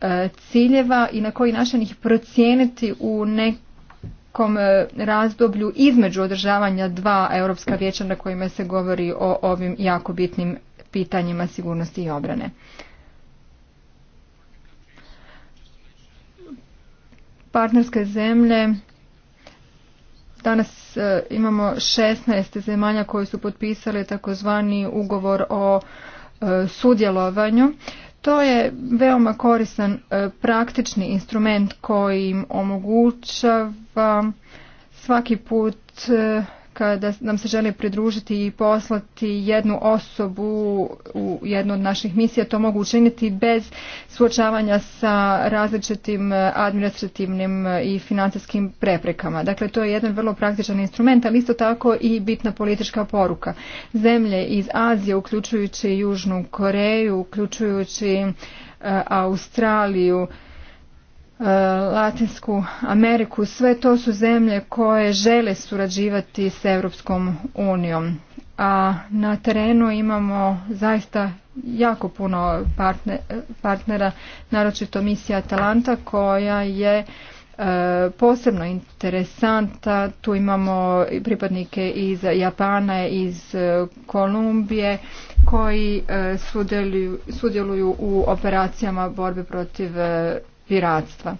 e, ciljeva i na koji način ih procijeniti u nekom e, razdoblju između održavanja dva europska vijeća na kojima se govori o ovim jako bitnim pitanjima sigurnosti i obrane. Partnerske zemlje danas E, imamo 16 zemalja koji su potpisali takozvani ugovor o e, sudjelovanju. To je veoma koristan e, praktični instrument koji im omogućava svaki put da nam se želi pridružiti i poslati jednu osobu u jednu od naših misija, to mogu učiniti bez suočavanja sa različitim eh, administrativnim eh, i financijskim preprekama. Dakle, to je jedan vrlo praktičan instrument, ali isto tako i bitna politička poruka. Zemlje iz Azije, uključujući Južnu Koreju, uključujući eh, Australiju, E, Latinsku Ameriku, sve to su zemlje koje žele surađivati s Europskom unijom. A na terenu imamo zaista jako puno partnera, naročito misija Atalanta koja je e, posebno interesanta. Tu imamo pripadnike iz Japana, iz e, Kolumbije koji sudjeluju u operacijama borbe protiv piratstva.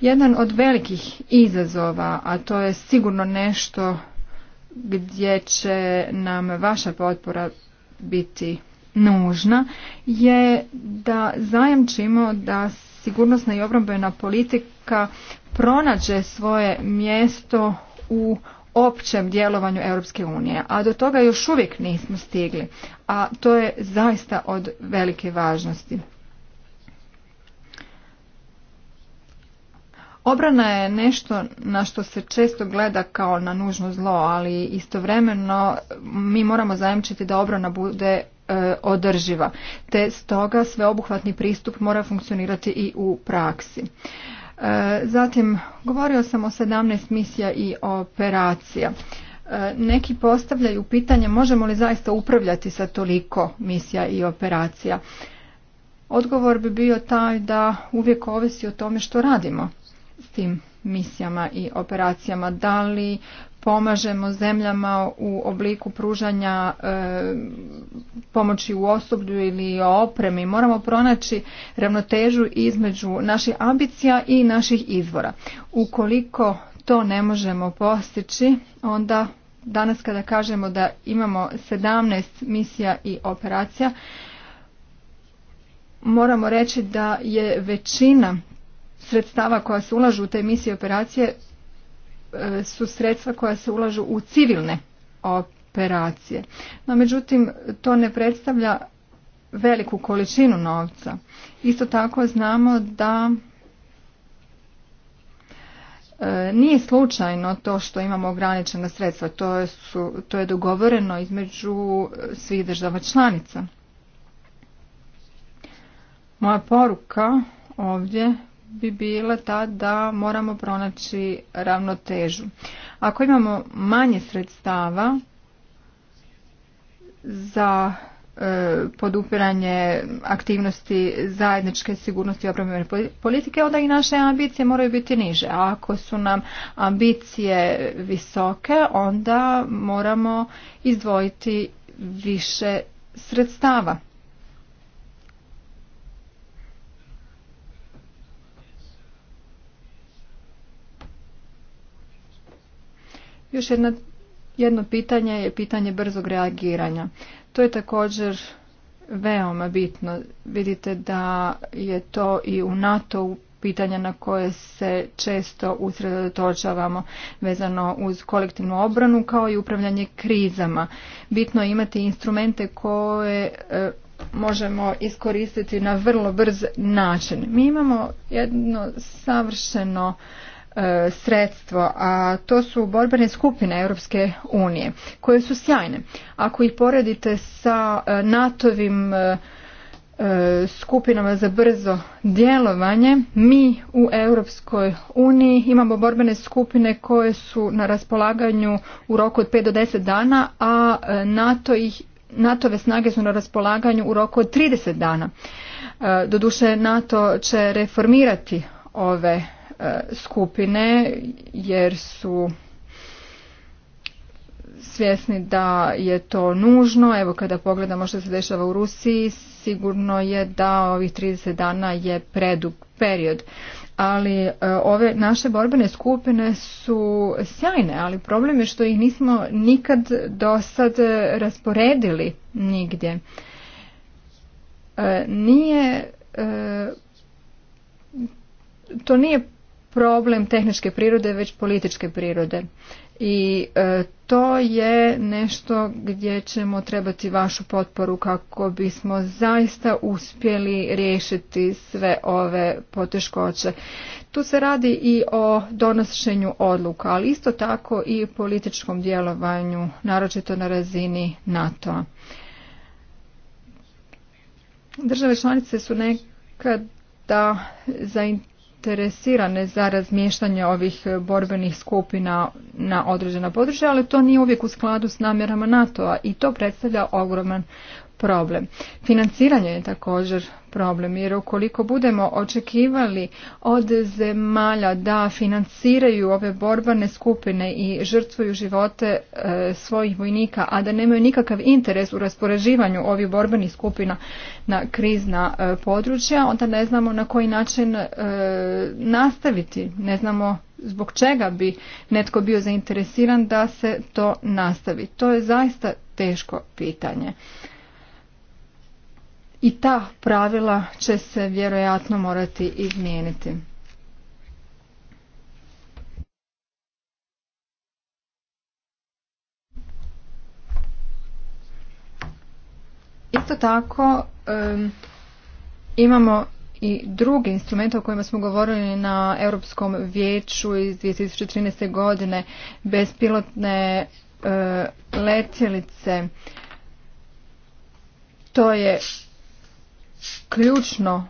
Jedan od velikih izazova, a to je sigurno nešto gdje će nam vaša potpora biti nužna, je da zajamčimo da sigurnosna i obrambena politika pronađe svoje mjesto u općem djelovanju Europske unije, a do toga još uvijek nismo stigli, a to je zaista od velike važnosti. Obrana je nešto na što se često gleda kao na nužno zlo, ali istovremeno mi moramo zajamčiti da obrana bude e, održiva, te stoga sveobuhvatni pristup mora funkcionirati i u praksi. E, zatim, govorio sam o 17 misija i operacija. E, neki postavljaju pitanje možemo li zaista upravljati sa toliko misija i operacija. Odgovor bi bio taj da uvijek ovisi o tome što radimo tim misijama i operacijama? Da li pomažemo zemljama u obliku pružanja e, pomoći u osoblju ili opremi. Moramo pronaći ravnotežu između naših ambicija i naših izvora. Ukoliko to ne možemo postići, onda danas kada kažemo da imamo 17 misija i operacija, moramo reći da je većina sredstava koja se ulažu u te misije operacije e, su sredstva koja se ulažu u civilne operacije. No međutim, to ne predstavlja veliku količinu novca. Isto tako znamo da e, nije slučajno to što imamo ograničena sredstva, to, to je dogovoreno između svih država članica. Moja poruka ovdje bi bila ta da moramo pronaći ravnotežu. Ako imamo manje sredstava za e, podupiranje aktivnosti zajedničke sigurnosti i obrambene politike, onda i naše ambicije moraju biti niže. A ako su nam ambicije visoke, onda moramo izdvojiti više sredstava. Još jedno pitanje je pitanje brzog reagiranja. To je također veoma bitno. Vidite da je to i u NATO pitanja na koje se često usredotočavamo vezano uz kolektivnu obranu kao i upravljanje krizama. Bitno je imati instrumente koje e, možemo iskoristiti na vrlo brz način. Mi imamo jedno savršeno E, sredstvo, a to su borbene skupine Europske unije, koje su sjajne. Ako ih poredite sa e, NATO-vim e, skupinama za brzo djelovanje, mi u Europskoj uniji imamo borbene skupine koje su na raspolaganju u roku od 5 do 10 dana, a NATO ih ve snage su na raspolaganju u roku od 30 dana. Doduše, NATO će reformirati ove E, skupine jer su svjesni da je to nužno. Evo kada pogledamo što se dešava u Rusiji, sigurno je da ovih 30 dana je predug period. Ali e, ove naše borbene skupine su sjajne, ali problem je što ih nismo nikad do sad rasporedili nigdje. E, nije to nije problem tehničke prirode već političke prirode i e, to je nešto gdje ćemo trebati vašu potporu kako bismo zaista uspjeli riješiti sve ove poteškoće. Tu se radi i o donošenju odluka, ali isto tako i političkom djelovanju, naročito na razini NATO-a. Države članice su nekada zainteresirane interesirane za razmještanje ovih borbenih skupina na određena područja, ali to nije uvijek u skladu s namjerama NATO-a i to predstavlja ogroman problem. Financiranje je također problem jer ukoliko budemo očekivali od zemalja da financiraju ove borbane skupine i žrtvuju živote e, svojih vojnika, a da nemaju nikakav interes u raspoređivanju ovih borbenih skupina na krizna e, područja, onda ne znamo na koji način e, nastaviti, ne znamo zbog čega bi netko bio zainteresiran da se to nastavi. To je zaista teško pitanje i ta pravila će se vjerojatno morati izmijeniti. Isto tako imamo i drugi instrument o kojima smo govorili na Europskom vijeću iz 2013. godine bespilotne e, letjelice. To je ključno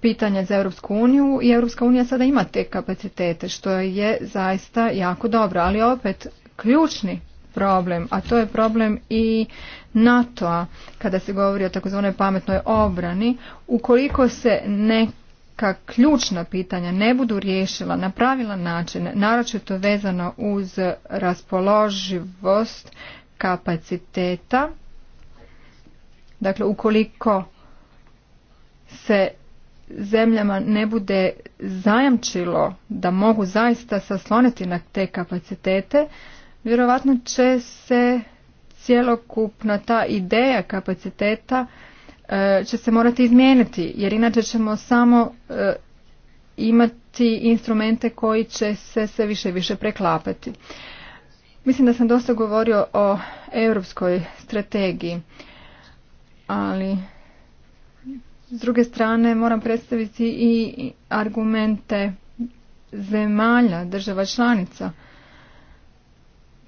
pitanje za Europsku uniju i Europska unija sada ima te kapacitete što je zaista jako dobro, ali opet ključni problem, a to je problem i NATO-a kada se govori o takozvanoj pametnoj obrani, ukoliko se neka ključna pitanja ne budu riješila na pravilan način, naročito vezano uz raspoloživost kapaciteta, dakle ukoliko se zemljama ne bude zajamčilo da mogu zaista sasloniti na te kapacitete, vjerovatno će se cjelokupna ta ideja kapaciteta e, će se morati izmijeniti jer inače ćemo samo e, imati instrumente koji će se sve više i više preklapati. Mislim da sam dosta govorio o europskoj strategiji, ali s druge strane moram predstaviti i argumente zemalja, država članica.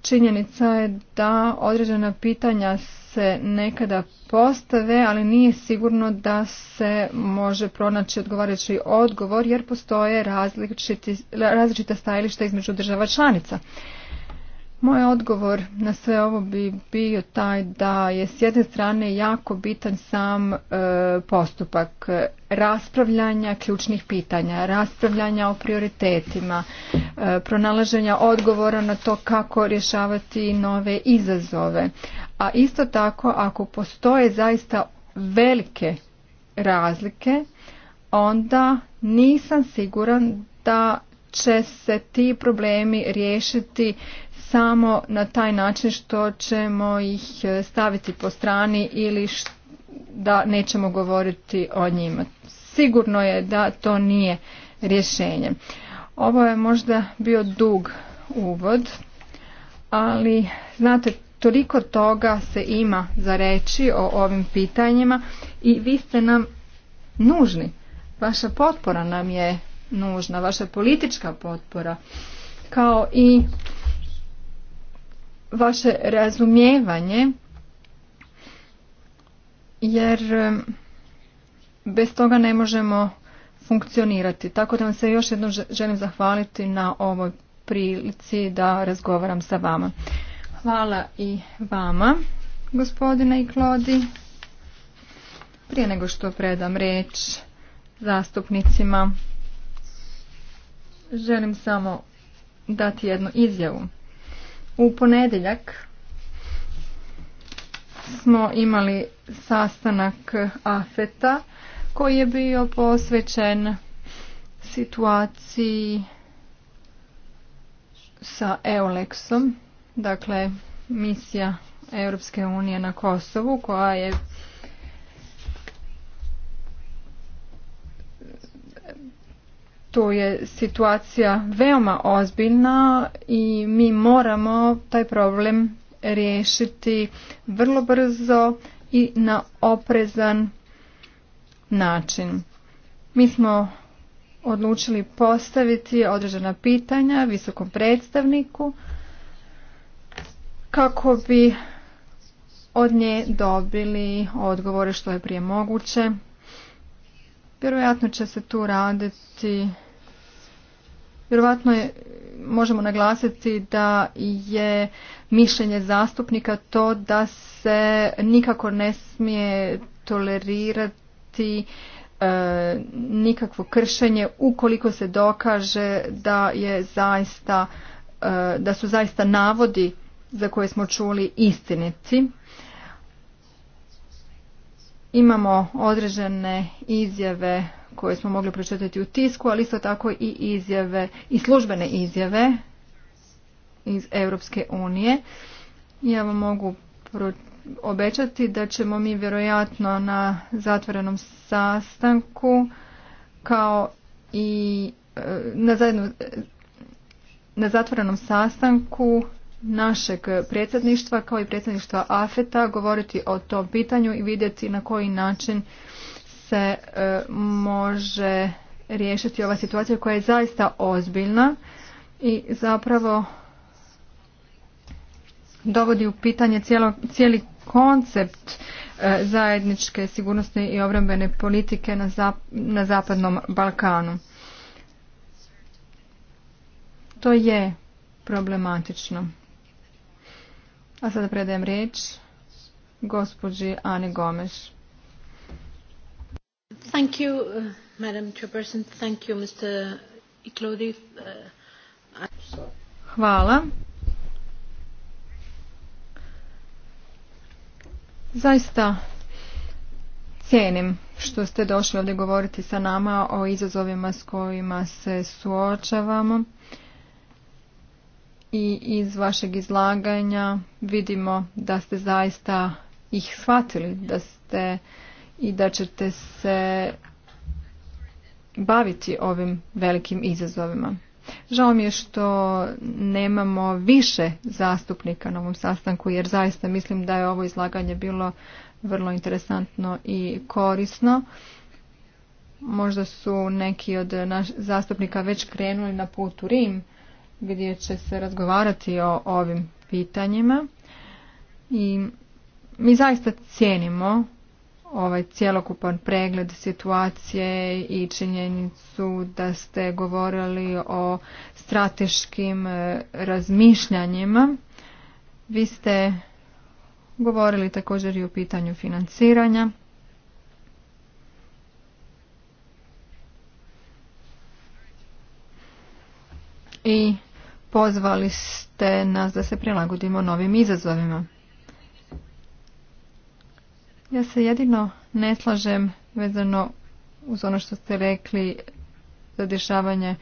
Činjenica je da određena pitanja se nekada postave, ali nije sigurno da se može pronaći odgovarajući odgovor jer postoje različita stajališta između država članica. Moj odgovor na sve ovo bi bio taj da je s jedne strane jako bitan sam e, postupak raspravljanja ključnih pitanja, raspravljanja o prioritetima, e, pronalaženja odgovora na to kako rješavati nove izazove. A isto tako ako postoje zaista velike razlike, onda nisam siguran da će se ti problemi riješiti samo na taj način što ćemo ih e, staviti po strani ili da nećemo govoriti o njima. Sigurno je da to nije rješenje. Ovo je možda bio dug uvod, ali znate toliko toga se ima za reći o ovim pitanjima i vi ste nam nužni. Vaša potpora nam je nužna, vaša politička potpora kao i vaše razumijevanje jer bez toga ne možemo funkcionirati. Tako da vam se još jednom želim zahvaliti na ovoj prilici da razgovaram sa vama. Hvala i vama, gospodine i Klodi. Prije nego što predam reč zastupnicima, želim samo dati jednu izjavu. U ponedjeljak smo imali sastanak AFETA koji je bio posvećen situaciji sa EOLEX-om, dakle misija Europske unije na Kosovu koja je tu je situacija veoma ozbiljna i mi moramo taj problem riješiti vrlo brzo i na oprezan način. Mi smo odlučili postaviti određena pitanja visokom predstavniku kako bi od nje dobili odgovore što je prije moguće. Vjerojatno će se tu raditi Vjerovatno možemo naglasiti da je mišljenje zastupnika to da se nikako ne smije tolerirati e, nikakvo kršenje ukoliko se dokaže da je zaista e, da su zaista navodi za koje smo čuli istiniti. imamo određene izjave koje smo mogli pročitati u tisku, ali isto tako i izjave i službene izjave iz Europske unije. Ja vam mogu obećati da ćemo mi vjerojatno na zatvorenom sastanku kao i e, na, zajedno, e, na zatvorenom sastanku našeg predsjedništva kao i predsjedništva AFETA govoriti o tom pitanju i vidjeti na koji način se e, može riješiti ova situacija koja je zaista ozbiljna i zapravo dovodi u pitanje cijeli koncept e, zajedničke sigurnosne i obrambene politike na, na zapadnom Balkanu. To je problematično. A sada predajem riječ gospođi Ani Gomeš. Uh, uh, Hvala. Zaista cijenim što ste došli ovdje govoriti sa nama o izazovima s kojima se suočavamo i iz vašeg izlaganja vidimo da ste zaista ih shvatili, da ste i da ćete se baviti ovim velikim izazovima. Žao mi je što nemamo više zastupnika na ovom sastanku jer zaista mislim da je ovo izlaganje bilo vrlo interesantno i korisno. Možda su neki od naših zastupnika već krenuli na put u Rim gdje će se razgovarati o ovim pitanjima. I mi zaista cijenimo ovaj cjelokupan pregled situacije i činjenicu da ste govorili o strateškim e, razmišljanjima. Vi ste govorili također i o pitanju financiranja. I pozvali ste nas da se prilagodimo novim izazovima. Ja se jedino ne slažem vezano uz ono što ste rekli za dešavanje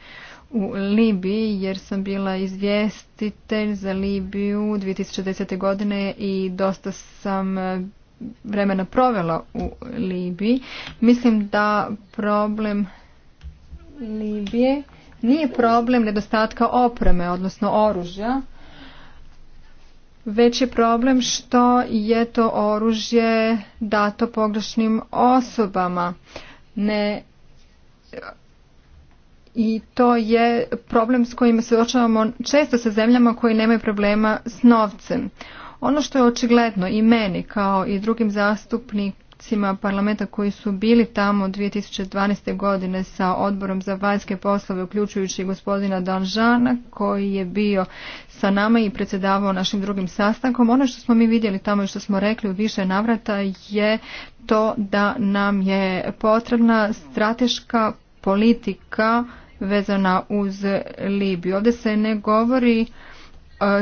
u Libiji jer sam bila izvjestitelj za Libiju 2010. godine i dosta sam e, vremena provela u Libiji. Mislim da problem Libije nije problem nedostatka opreme, odnosno oružja, već je problem što je to oružje dato pogrešnim osobama. Ne, I to je problem s kojim se očavamo često sa zemljama koji nemaju problema s novcem. Ono što je očigledno i meni kao i drugim zastupnik parlamenta koji su bili tamo 2012. godine sa odborom za vanjske poslove, uključujući gospodina Danžana, koji je bio sa nama i predsjedavao našim drugim sastankom. Ono što smo mi vidjeli tamo i što smo rekli u više navrata je to da nam je potrebna strateška politika vezana uz Libiju. Ovdje se ne govori e,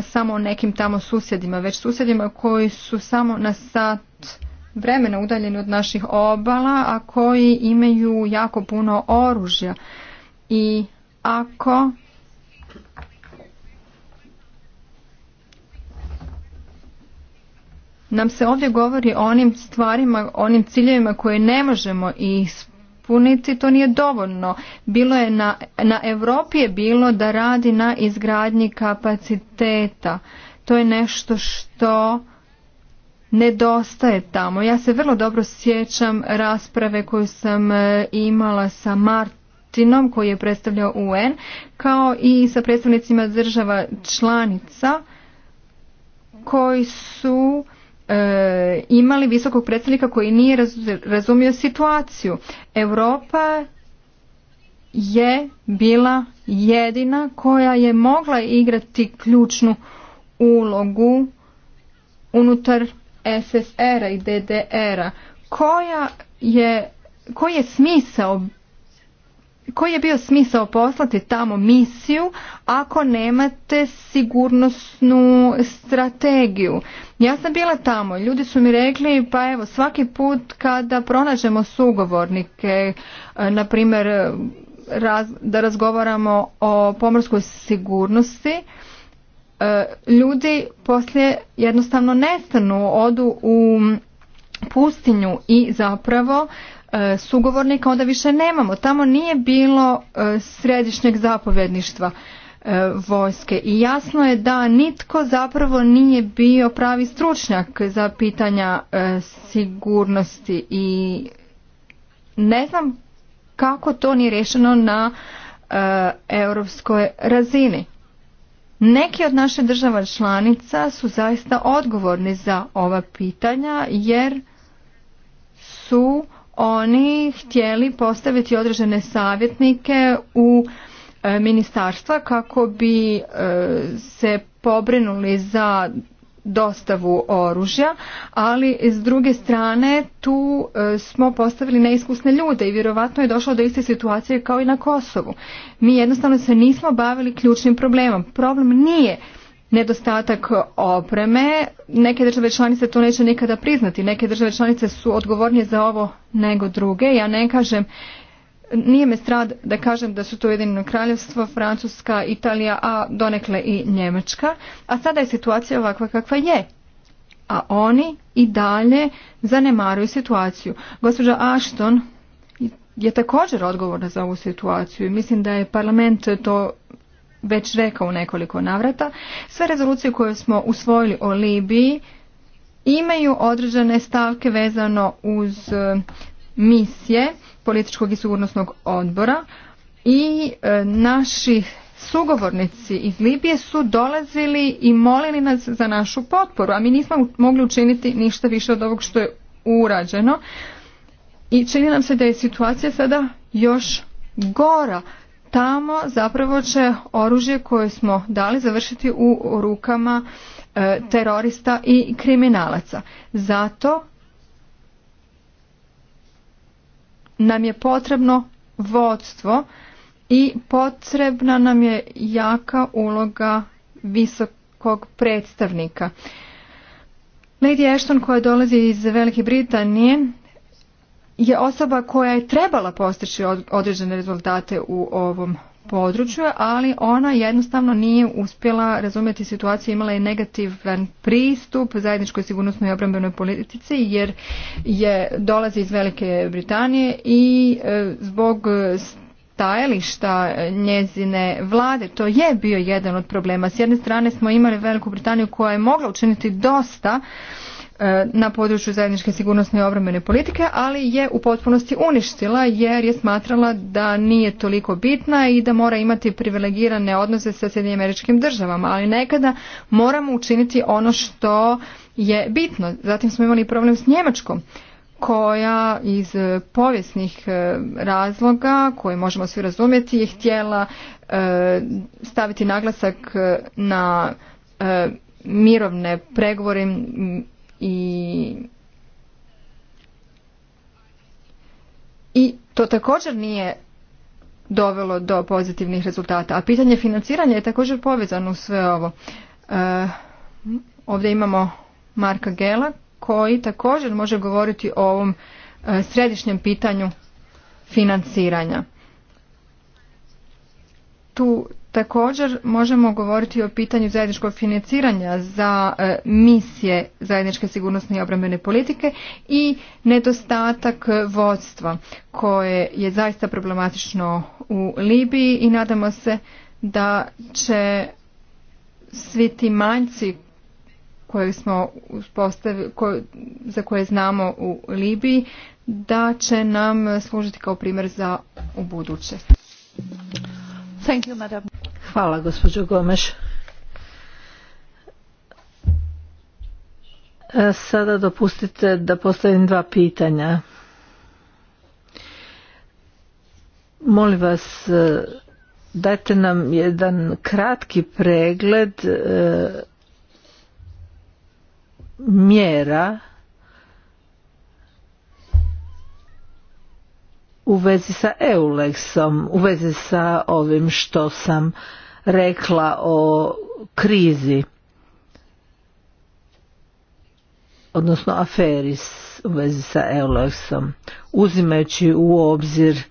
samo o nekim tamo susjedima, već susjedima koji su samo na sat vremena udaljeni od naših obala, a koji imaju jako puno oružja. I ako nam se ovdje govori o onim stvarima, onim ciljevima koje ne možemo ispuniti, to nije dovoljno. Bilo je na, na Europi je bilo da radi na izgradnji kapaciteta. To je nešto što nedostaje tamo. Ja se vrlo dobro sjećam rasprave koju sam e, imala sa Martinom koji je predstavljao UN kao i sa predstavnicima država članica koji su e, imali visokog predstavnika koji nije razumio situaciju. Europa je bila jedina koja je mogla igrati ključnu ulogu unutar SSR-a i DDR-a koja je koji je smisao koji je bio smisao poslati tamo misiju ako nemate sigurnosnu strategiju. Ja sam bila tamo, ljudi su mi rekli pa evo svaki put kada pronađemo sugovornike, e, na primjer da razgovaramo o pomorskoj sigurnosti, E, ljudi poslije jednostavno nestanu, odu u pustinju i zapravo e, sugovornika onda više nemamo. Tamo nije bilo e, središnjeg zapovjedništva vojske i jasno je da nitko zapravo nije bio pravi stručnjak za pitanja sigurnosti i ne znam kako to nije rješeno na europskoj razini. Neki od naše država članica su zaista odgovorni za ova pitanja jer su oni htjeli postaviti određene savjetnike u e, ministarstva kako bi e, se pobrinuli za dostavu oružja, ali s druge strane tu e, smo postavili neiskusne ljude i vjerovatno je došlo do iste situacije kao i na Kosovu. Mi jednostavno se nismo bavili ključnim problemom. Problem nije nedostatak opreme. Neke države članice to neće nikada priznati. Neke države članice su odgovornije za ovo nego druge. Ja ne kažem nije me strad da kažem da su to Ujedinjeno kraljevstvo, Francuska, Italija, a donekle i Njemačka. A sada je situacija ovakva kakva je. A oni i dalje zanemaruju situaciju. Gospođa Ashton je također odgovorna za ovu situaciju i mislim da je parlament to već rekao u nekoliko navrata. Sve rezolucije koje smo usvojili o Libiji imaju određene stavke vezano uz eh, misije političkog i sigurnosnog odbora i e, naši sugovornici iz Libije su dolazili i molili nas za našu potporu, a mi nismo mogli učiniti ništa više od ovog što je urađeno. I čini nam se da je situacija sada još gora. Tamo zapravo će oružje koje smo dali završiti u rukama e, terorista i kriminalaca. Zato nam je potrebno vodstvo i potrebna nam je jaka uloga visokog predstavnika. Lady Ashton koja dolazi iz Velike Britanije je osoba koja je trebala postići određene rezultate u ovom području, ali ona jednostavno nije uspjela razumjeti situaciju, imala je negativan pristup zajedničkoj sigurnosnoj i obrambenoj politici jer je dolazi iz Velike Britanije i e, zbog stajališta njezine vlade. To je bio jedan od problema. S jedne strane smo imali Veliku Britaniju koja je mogla učiniti dosta E, na području zajedničke sigurnosne i obrambene politike, ali je u potpunosti uništila jer je smatrala da nije toliko bitna i da mora imati privilegirane odnose sa Sjedinim američkim državama, ali nekada moramo učiniti ono što je bitno. Zatim smo imali problem s Njemačkom koja iz povijesnih e, razloga koje možemo svi razumjeti je htjela e, staviti naglasak na mirovne pregovore i i to također nije dovelo do pozitivnih rezultata. A pitanje financiranja je također povezano u sve ovo. E, ovdje imamo Marka Gela koji također može govoriti o ovom e, središnjem pitanju financiranja. Tu Također možemo govoriti o pitanju zajedničkog financiranja za e, misije zajedničke sigurnosne i obrambene politike i nedostatak vodstva koje je zaista problematično u Libiji i nadamo se da će svi ti manjci koje smo za koje znamo u Libiji da će nam služiti kao primjer za u buduće. Thank you, madam. Hvala gospođo Gomeš. E, sada dopustite da postavim dva pitanja. Molim vas, e, dajte nam jedan kratki pregled e, mjera u vezi sa EULEX-om, u vezi sa ovim što sam rekla o krizi odnosno aferi u vezi sa Eulexom, uzimajući u obzir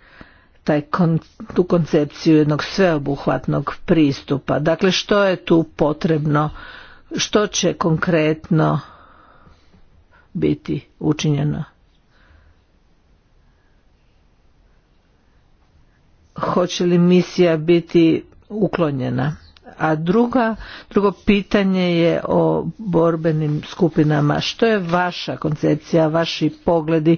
taj kon, tu koncepciju jednog sveobuhvatnog pristupa. Dakle, što je tu potrebno, što će konkretno biti učinjeno? Hoće li misija biti uklonjena. A druga, drugo pitanje je o borbenim skupinama. Što je vaša koncepcija, vaši pogledi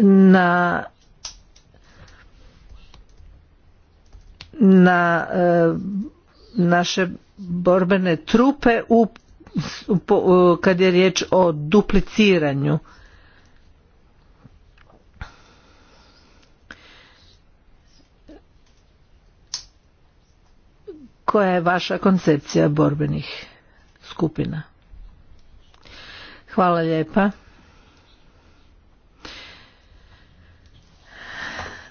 na na e, naše borbene trupe u, kad je riječ o dupliciranju koja je vaša koncepcija borbenih skupina. Hvala lijepa.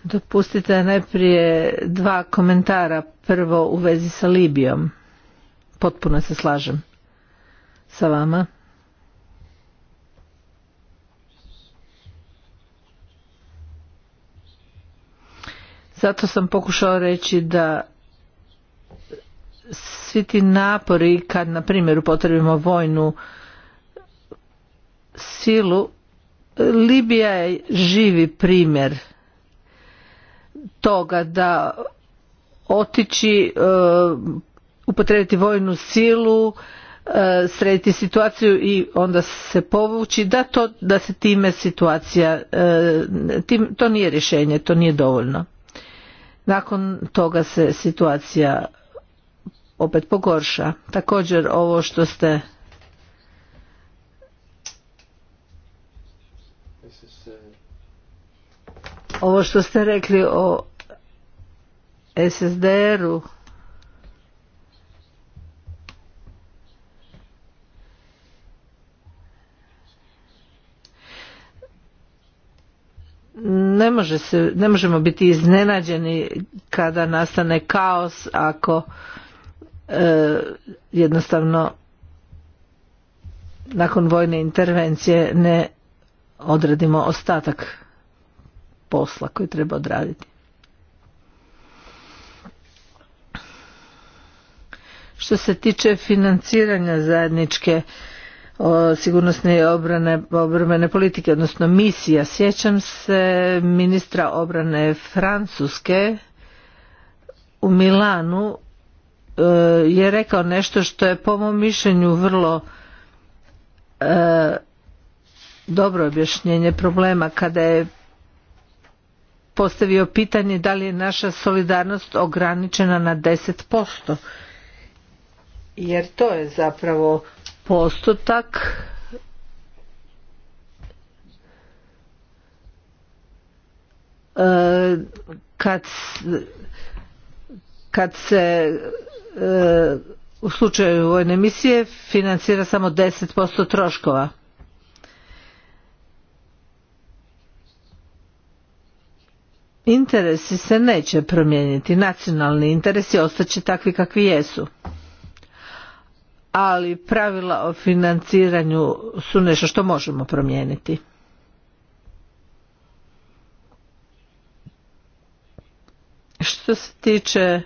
Dopustite najprije dva komentara. Prvo u vezi sa Libijom. Potpuno se slažem sa vama. Zato sam pokušao reći da svi ti napori kad na primjer upotrebimo vojnu silu Libija je živi primjer toga da otići e, upotrijebiti upotrebiti vojnu silu e, srediti situaciju i onda se povući da to da se time situacija e, tim, to nije rješenje to nije dovoljno nakon toga se situacija opet pogorša. Također ovo što ste ovo što ste rekli o SSDR-u ne, može ne možemo biti iznenađeni kada nastane kaos ako E, jednostavno nakon vojne intervencije ne odradimo ostatak posla koji treba odraditi. Što se tiče financiranja zajedničke o sigurnosne i obrane, obrambene politike, odnosno misija. Sjećam se ministra obrane Francuske u Milanu E, je rekao nešto što je po mom mišljenju vrlo e, dobro objašnjenje problema kada je postavio pitanje da li je naša solidarnost ograničena na 10%. Jer to je zapravo postotak e, kad, kad se E, u slučaju vojne misije financira samo 10% troškova. Interesi se neće promijeniti, nacionalni interesi ostaće takvi kakvi jesu. Ali pravila o financiranju su nešto što možemo promijeniti. Što se tiče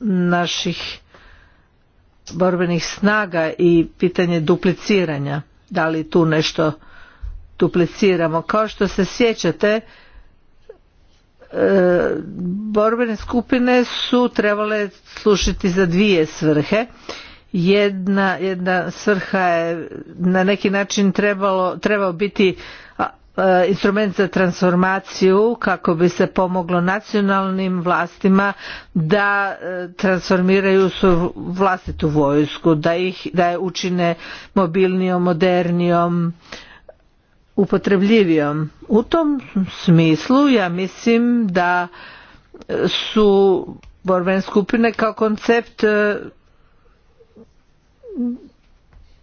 naših borbenih snaga i pitanje dupliciranja. Da li tu nešto dupliciramo? Kao što se sjećate, e, borbene skupine su trebale slušiti za dvije svrhe. Jedna, jedna svrha je na neki način trebalo, trebao biti E, instrument za transformaciju kako bi se pomoglo nacionalnim vlastima da e, transformiraju su vlastitu vojsku, da, ih, da je učine mobilnijom, modernijom, upotrebljivijom. U tom smislu ja mislim da su borbene skupine kao koncept e,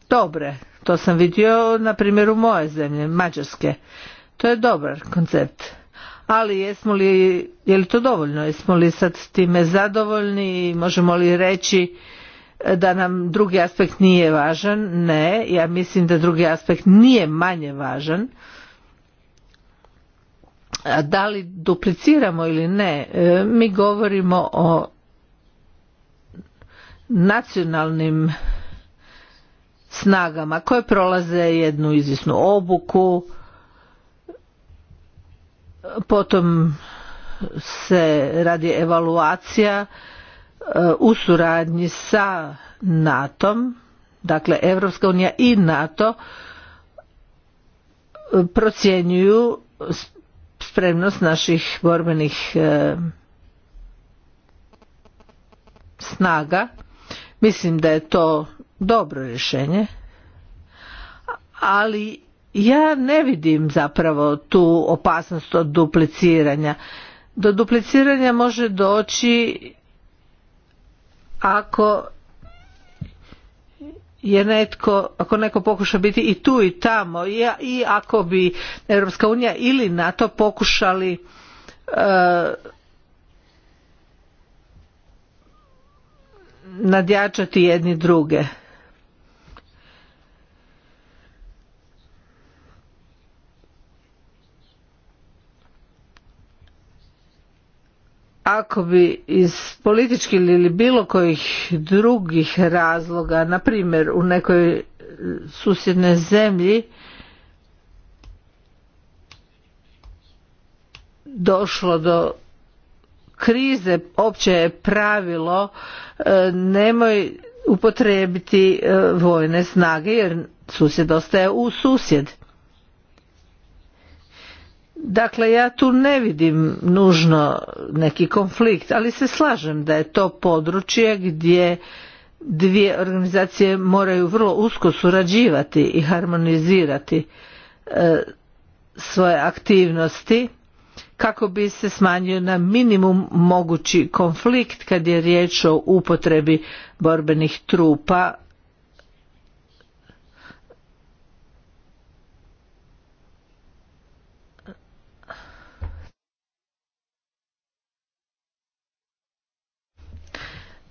dobre to sam vidio na primjeru moje zemlje, Mađarske. To je dobar koncept. Ali jesmo li, je li to dovoljno? Jesmo li sad s time zadovoljni možemo li reći da nam drugi aspekt nije važan? Ne, ja mislim da drugi aspekt nije manje važan. A da li dupliciramo ili ne, e, mi govorimo o nacionalnim snagama koje prolaze jednu izvisnu obuku, potom se radi evaluacija e, u suradnji sa nato dakle Evropska unija i NATO e, procjenjuju spremnost naših borbenih e, snaga. Mislim da je to dobro rješenje, ali ja ne vidim zapravo tu opasnost od dupliciranja. Do dupliciranja može doći ako je netko, ako neko pokuša biti i tu i tamo i, ako bi Europska unija ili NATO pokušali e, nadjačati jedni druge. ako bi iz političkih ili bilo kojih drugih razloga, na primjer u nekoj susjednoj zemlji, došlo do krize, opće je pravilo, e, nemoj upotrijebiti e, vojne snage jer susjed ostaje u susjed. Dakle, ja tu ne vidim nužno neki konflikt, ali se slažem da je to područje gdje dvije organizacije moraju vrlo usko surađivati i harmonizirati e, svoje aktivnosti kako bi se smanjio na minimum mogući konflikt kad je riječ o upotrebi borbenih trupa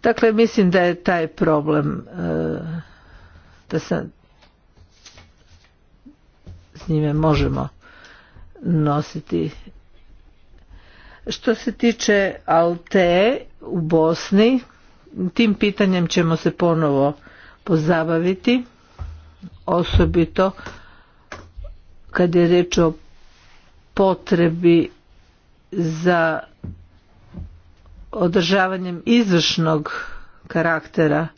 Dakle, mislim da je taj problem e, da se s njime možemo nositi. Što se tiče Alte u Bosni, tim pitanjem ćemo se ponovo pozabaviti, osobito kad je reč o potrebi za održavanjem izvršnog karaktera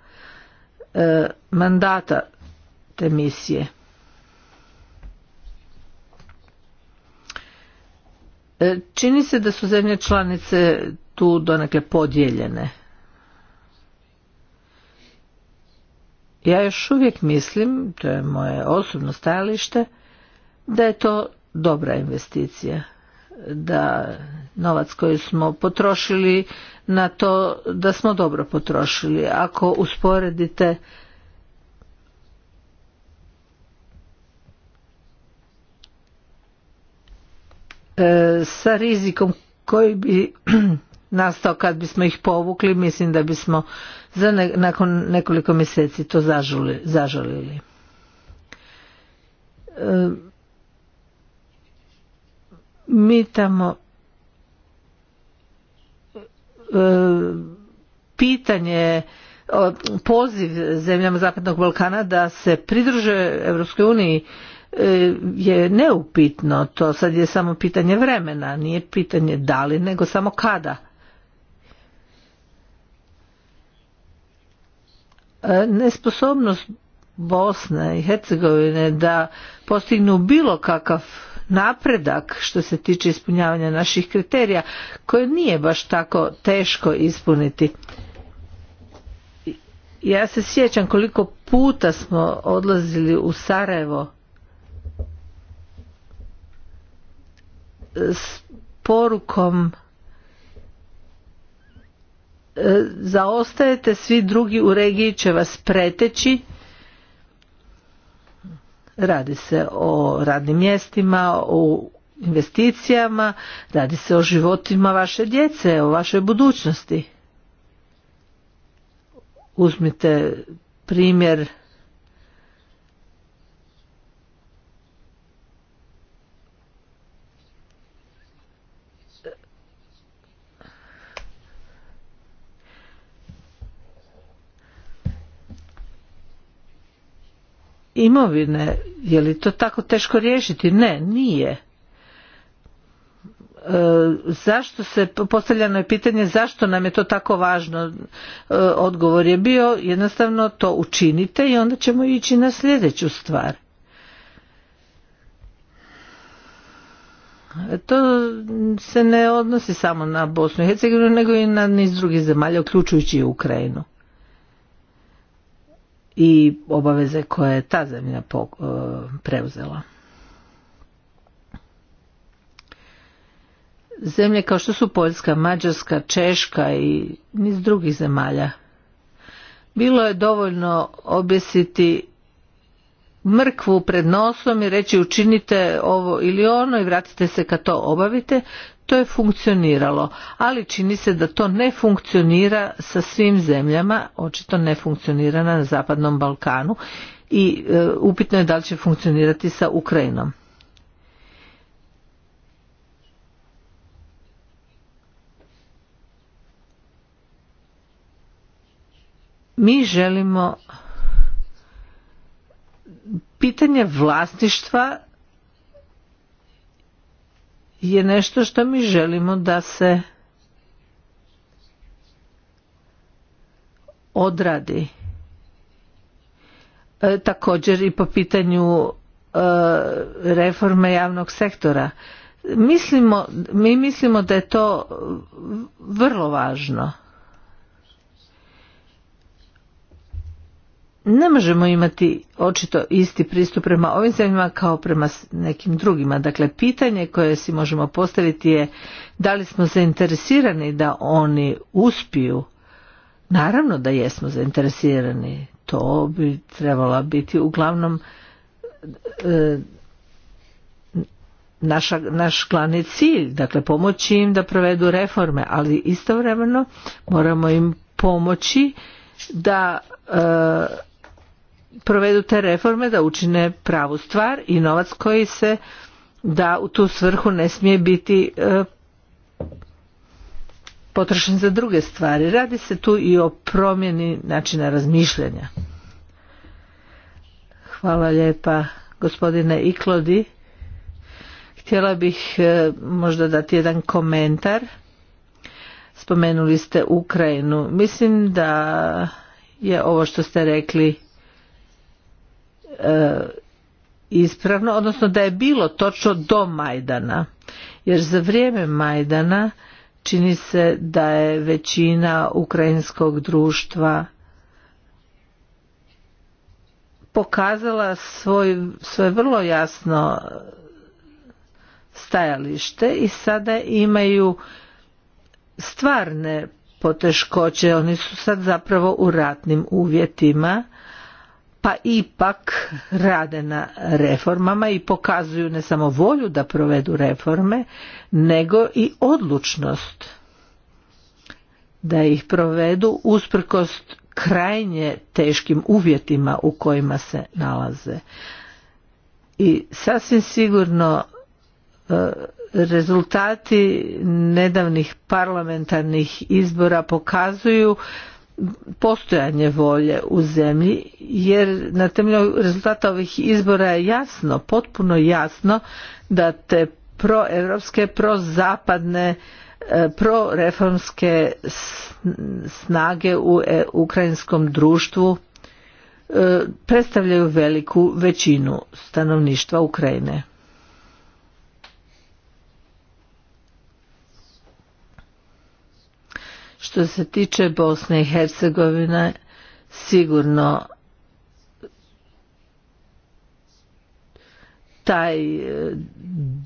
e, mandata te misije. E, čini se da su zemlje članice tu donekle podijeljene. Ja još uvijek mislim, to je moje osobno stajalište, da je to dobra investicija da novac koji smo potrošili na to da smo dobro potrošili. Ako usporedite e, sa rizikom koji bi nastao kad bismo ih povukli, mislim da bismo za nakon nekoliko mjeseci to zažalili. E, mi tamo e, pitanje poziv zemljama zapadnog Balkana da se pridruže Europskoj uniji e, je neupitno to sad je samo pitanje vremena nije pitanje da li nego samo kada e, nesposobnost Bosne i Hercegovine da postignu bilo kakav napredak što se tiče ispunjavanja naših kriterija koje nije baš tako teško ispuniti. Ja se sjećam koliko puta smo odlazili u Sarajevo s porukom e, zaostajete svi drugi u regiji će vas preteći Radi se o radnim mjestima, o investicijama, radi se o životima vaše djece, o vašoj budućnosti. Uzmite primjer imovine. Je li to tako teško riješiti? Ne, nije. E, zašto se postavljeno je pitanje zašto nam je to tako važno e, odgovor je bio jednostavno to učinite i onda ćemo ići na sljedeću stvar e, to se ne odnosi samo na Bosnu i Hercegovinu nego i na niz drugih zemalja uključujući i Ukrajinu i obaveze koje je ta zemlja e, preuzela. Zemlje kao što su Poljska, Mađarska, Češka i niz drugih zemalja. Bilo je dovoljno objesiti mrkvu pred nosom i reći učinite ovo ili ono i vratite se kad to obavite to je funkcioniralo, ali čini se da to ne funkcionira sa svim zemljama, očito ne funkcionira na Zapadnom Balkanu i e, upitno je da li će funkcionirati sa Ukrajinom. Mi želimo pitanje vlasništva je nešto što mi želimo da se odradi. E, također i po pitanju e, reforme javnog sektora. Mislimo, mi mislimo da je to vrlo važno. ne možemo imati očito isti pristup prema ovim zemljama kao prema nekim drugima. Dakle, pitanje koje si možemo postaviti je da li smo zainteresirani da oni uspiju. Naravno da jesmo zainteresirani. To bi trebala biti uglavnom e, naša, naš glavni cilj. Dakle, pomoći im da provedu reforme, ali istovremeno moramo im pomoći da e, provedu te reforme da učine pravu stvar i novac koji se da u tu svrhu ne smije biti e, potrošen za druge stvari. Radi se tu i o promjeni načina razmišljanja. Hvala lijepa gospodine Iklodi. Htjela bih e, možda dati jedan komentar. Spomenuli ste Ukrajinu. Mislim da je ovo što ste rekli E, ispravno, odnosno da je bilo točno do Majdana. Jer za vrijeme Majdana čini se da je većina ukrajinskog društva pokazala svoj, svoje vrlo jasno stajalište i sada imaju stvarne poteškoće. Oni su sad zapravo u ratnim uvjetima pa ipak rade na reformama i pokazuju ne samo volju da provedu reforme, nego i odlučnost da ih provedu usprkos krajnje teškim uvjetima u kojima se nalaze. I sasvim sigurno e, rezultati nedavnih parlamentarnih izbora pokazuju postojanje volje u zemlji jer na temelju rezultata ovih izbora je jasno, potpuno jasno da te proeuropske, prozapadne, e, proreformske snage u e, ukrajinskom društvu e, predstavljaju veliku većinu stanovništva Ukrajine. Što se tiče Bosne i Hercegovine, sigurno taj e,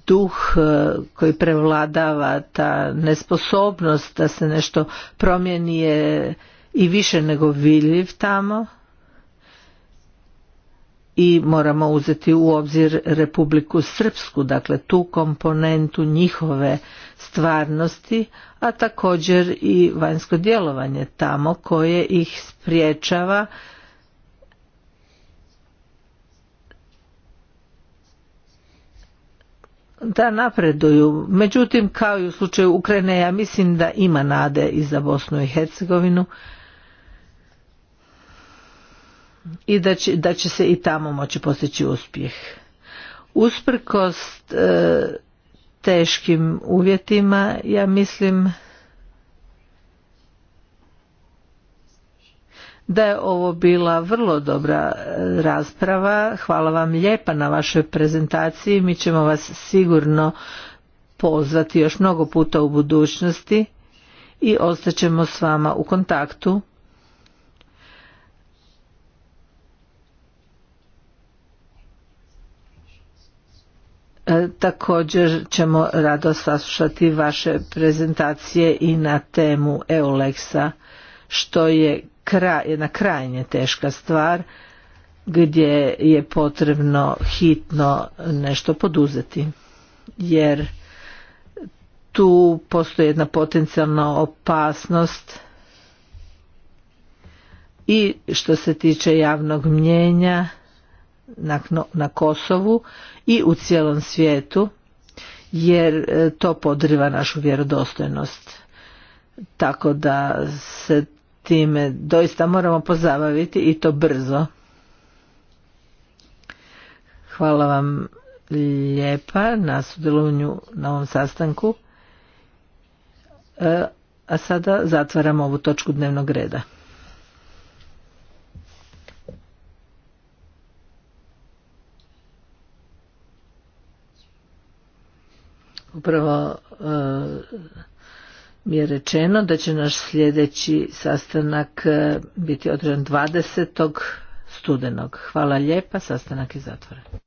duh e, koji prevladava, ta nesposobnost da se nešto promijeni je i više nego vidljiv tamo i moramo uzeti u obzir Republiku Srpsku, dakle tu komponentu njihove stvarnosti, a također i vanjsko djelovanje tamo koje ih spriječava da napreduju. Međutim, kao i u slučaju Ukrajine, ja mislim da ima nade i za Bosnu i Hercegovinu i da će, da će se i tamo moći postići uspjeh. Usprkos e, teškim uvjetima, ja mislim da je ovo bila vrlo dobra e, rasprava. Hvala vam lijepa na vašoj prezentaciji. Mi ćemo vas sigurno pozvati još mnogo puta u budućnosti i ostaćemo s vama u kontaktu. E, također ćemo rado saslušati vaše prezentacije i na temu Eulexa, što je kraj, jedna krajnje teška stvar gdje je potrebno hitno nešto poduzeti. Jer tu postoji jedna potencijalna opasnost i što se tiče javnog mnjenja na Kosovu i u cijelom svijetu jer e, to podriva našu vjerodostojnost. Tako da se time doista moramo pozabaviti i to brzo. Hvala vam lijepa na sudjelovanju na ovom sastanku. E, a sada zatvaramo ovu točku dnevnog reda. upravo e, mi je rečeno da će naš sljedeći sastanak e, biti održan 20. studenog. Hvala lijepa, sastanak je zatvoren.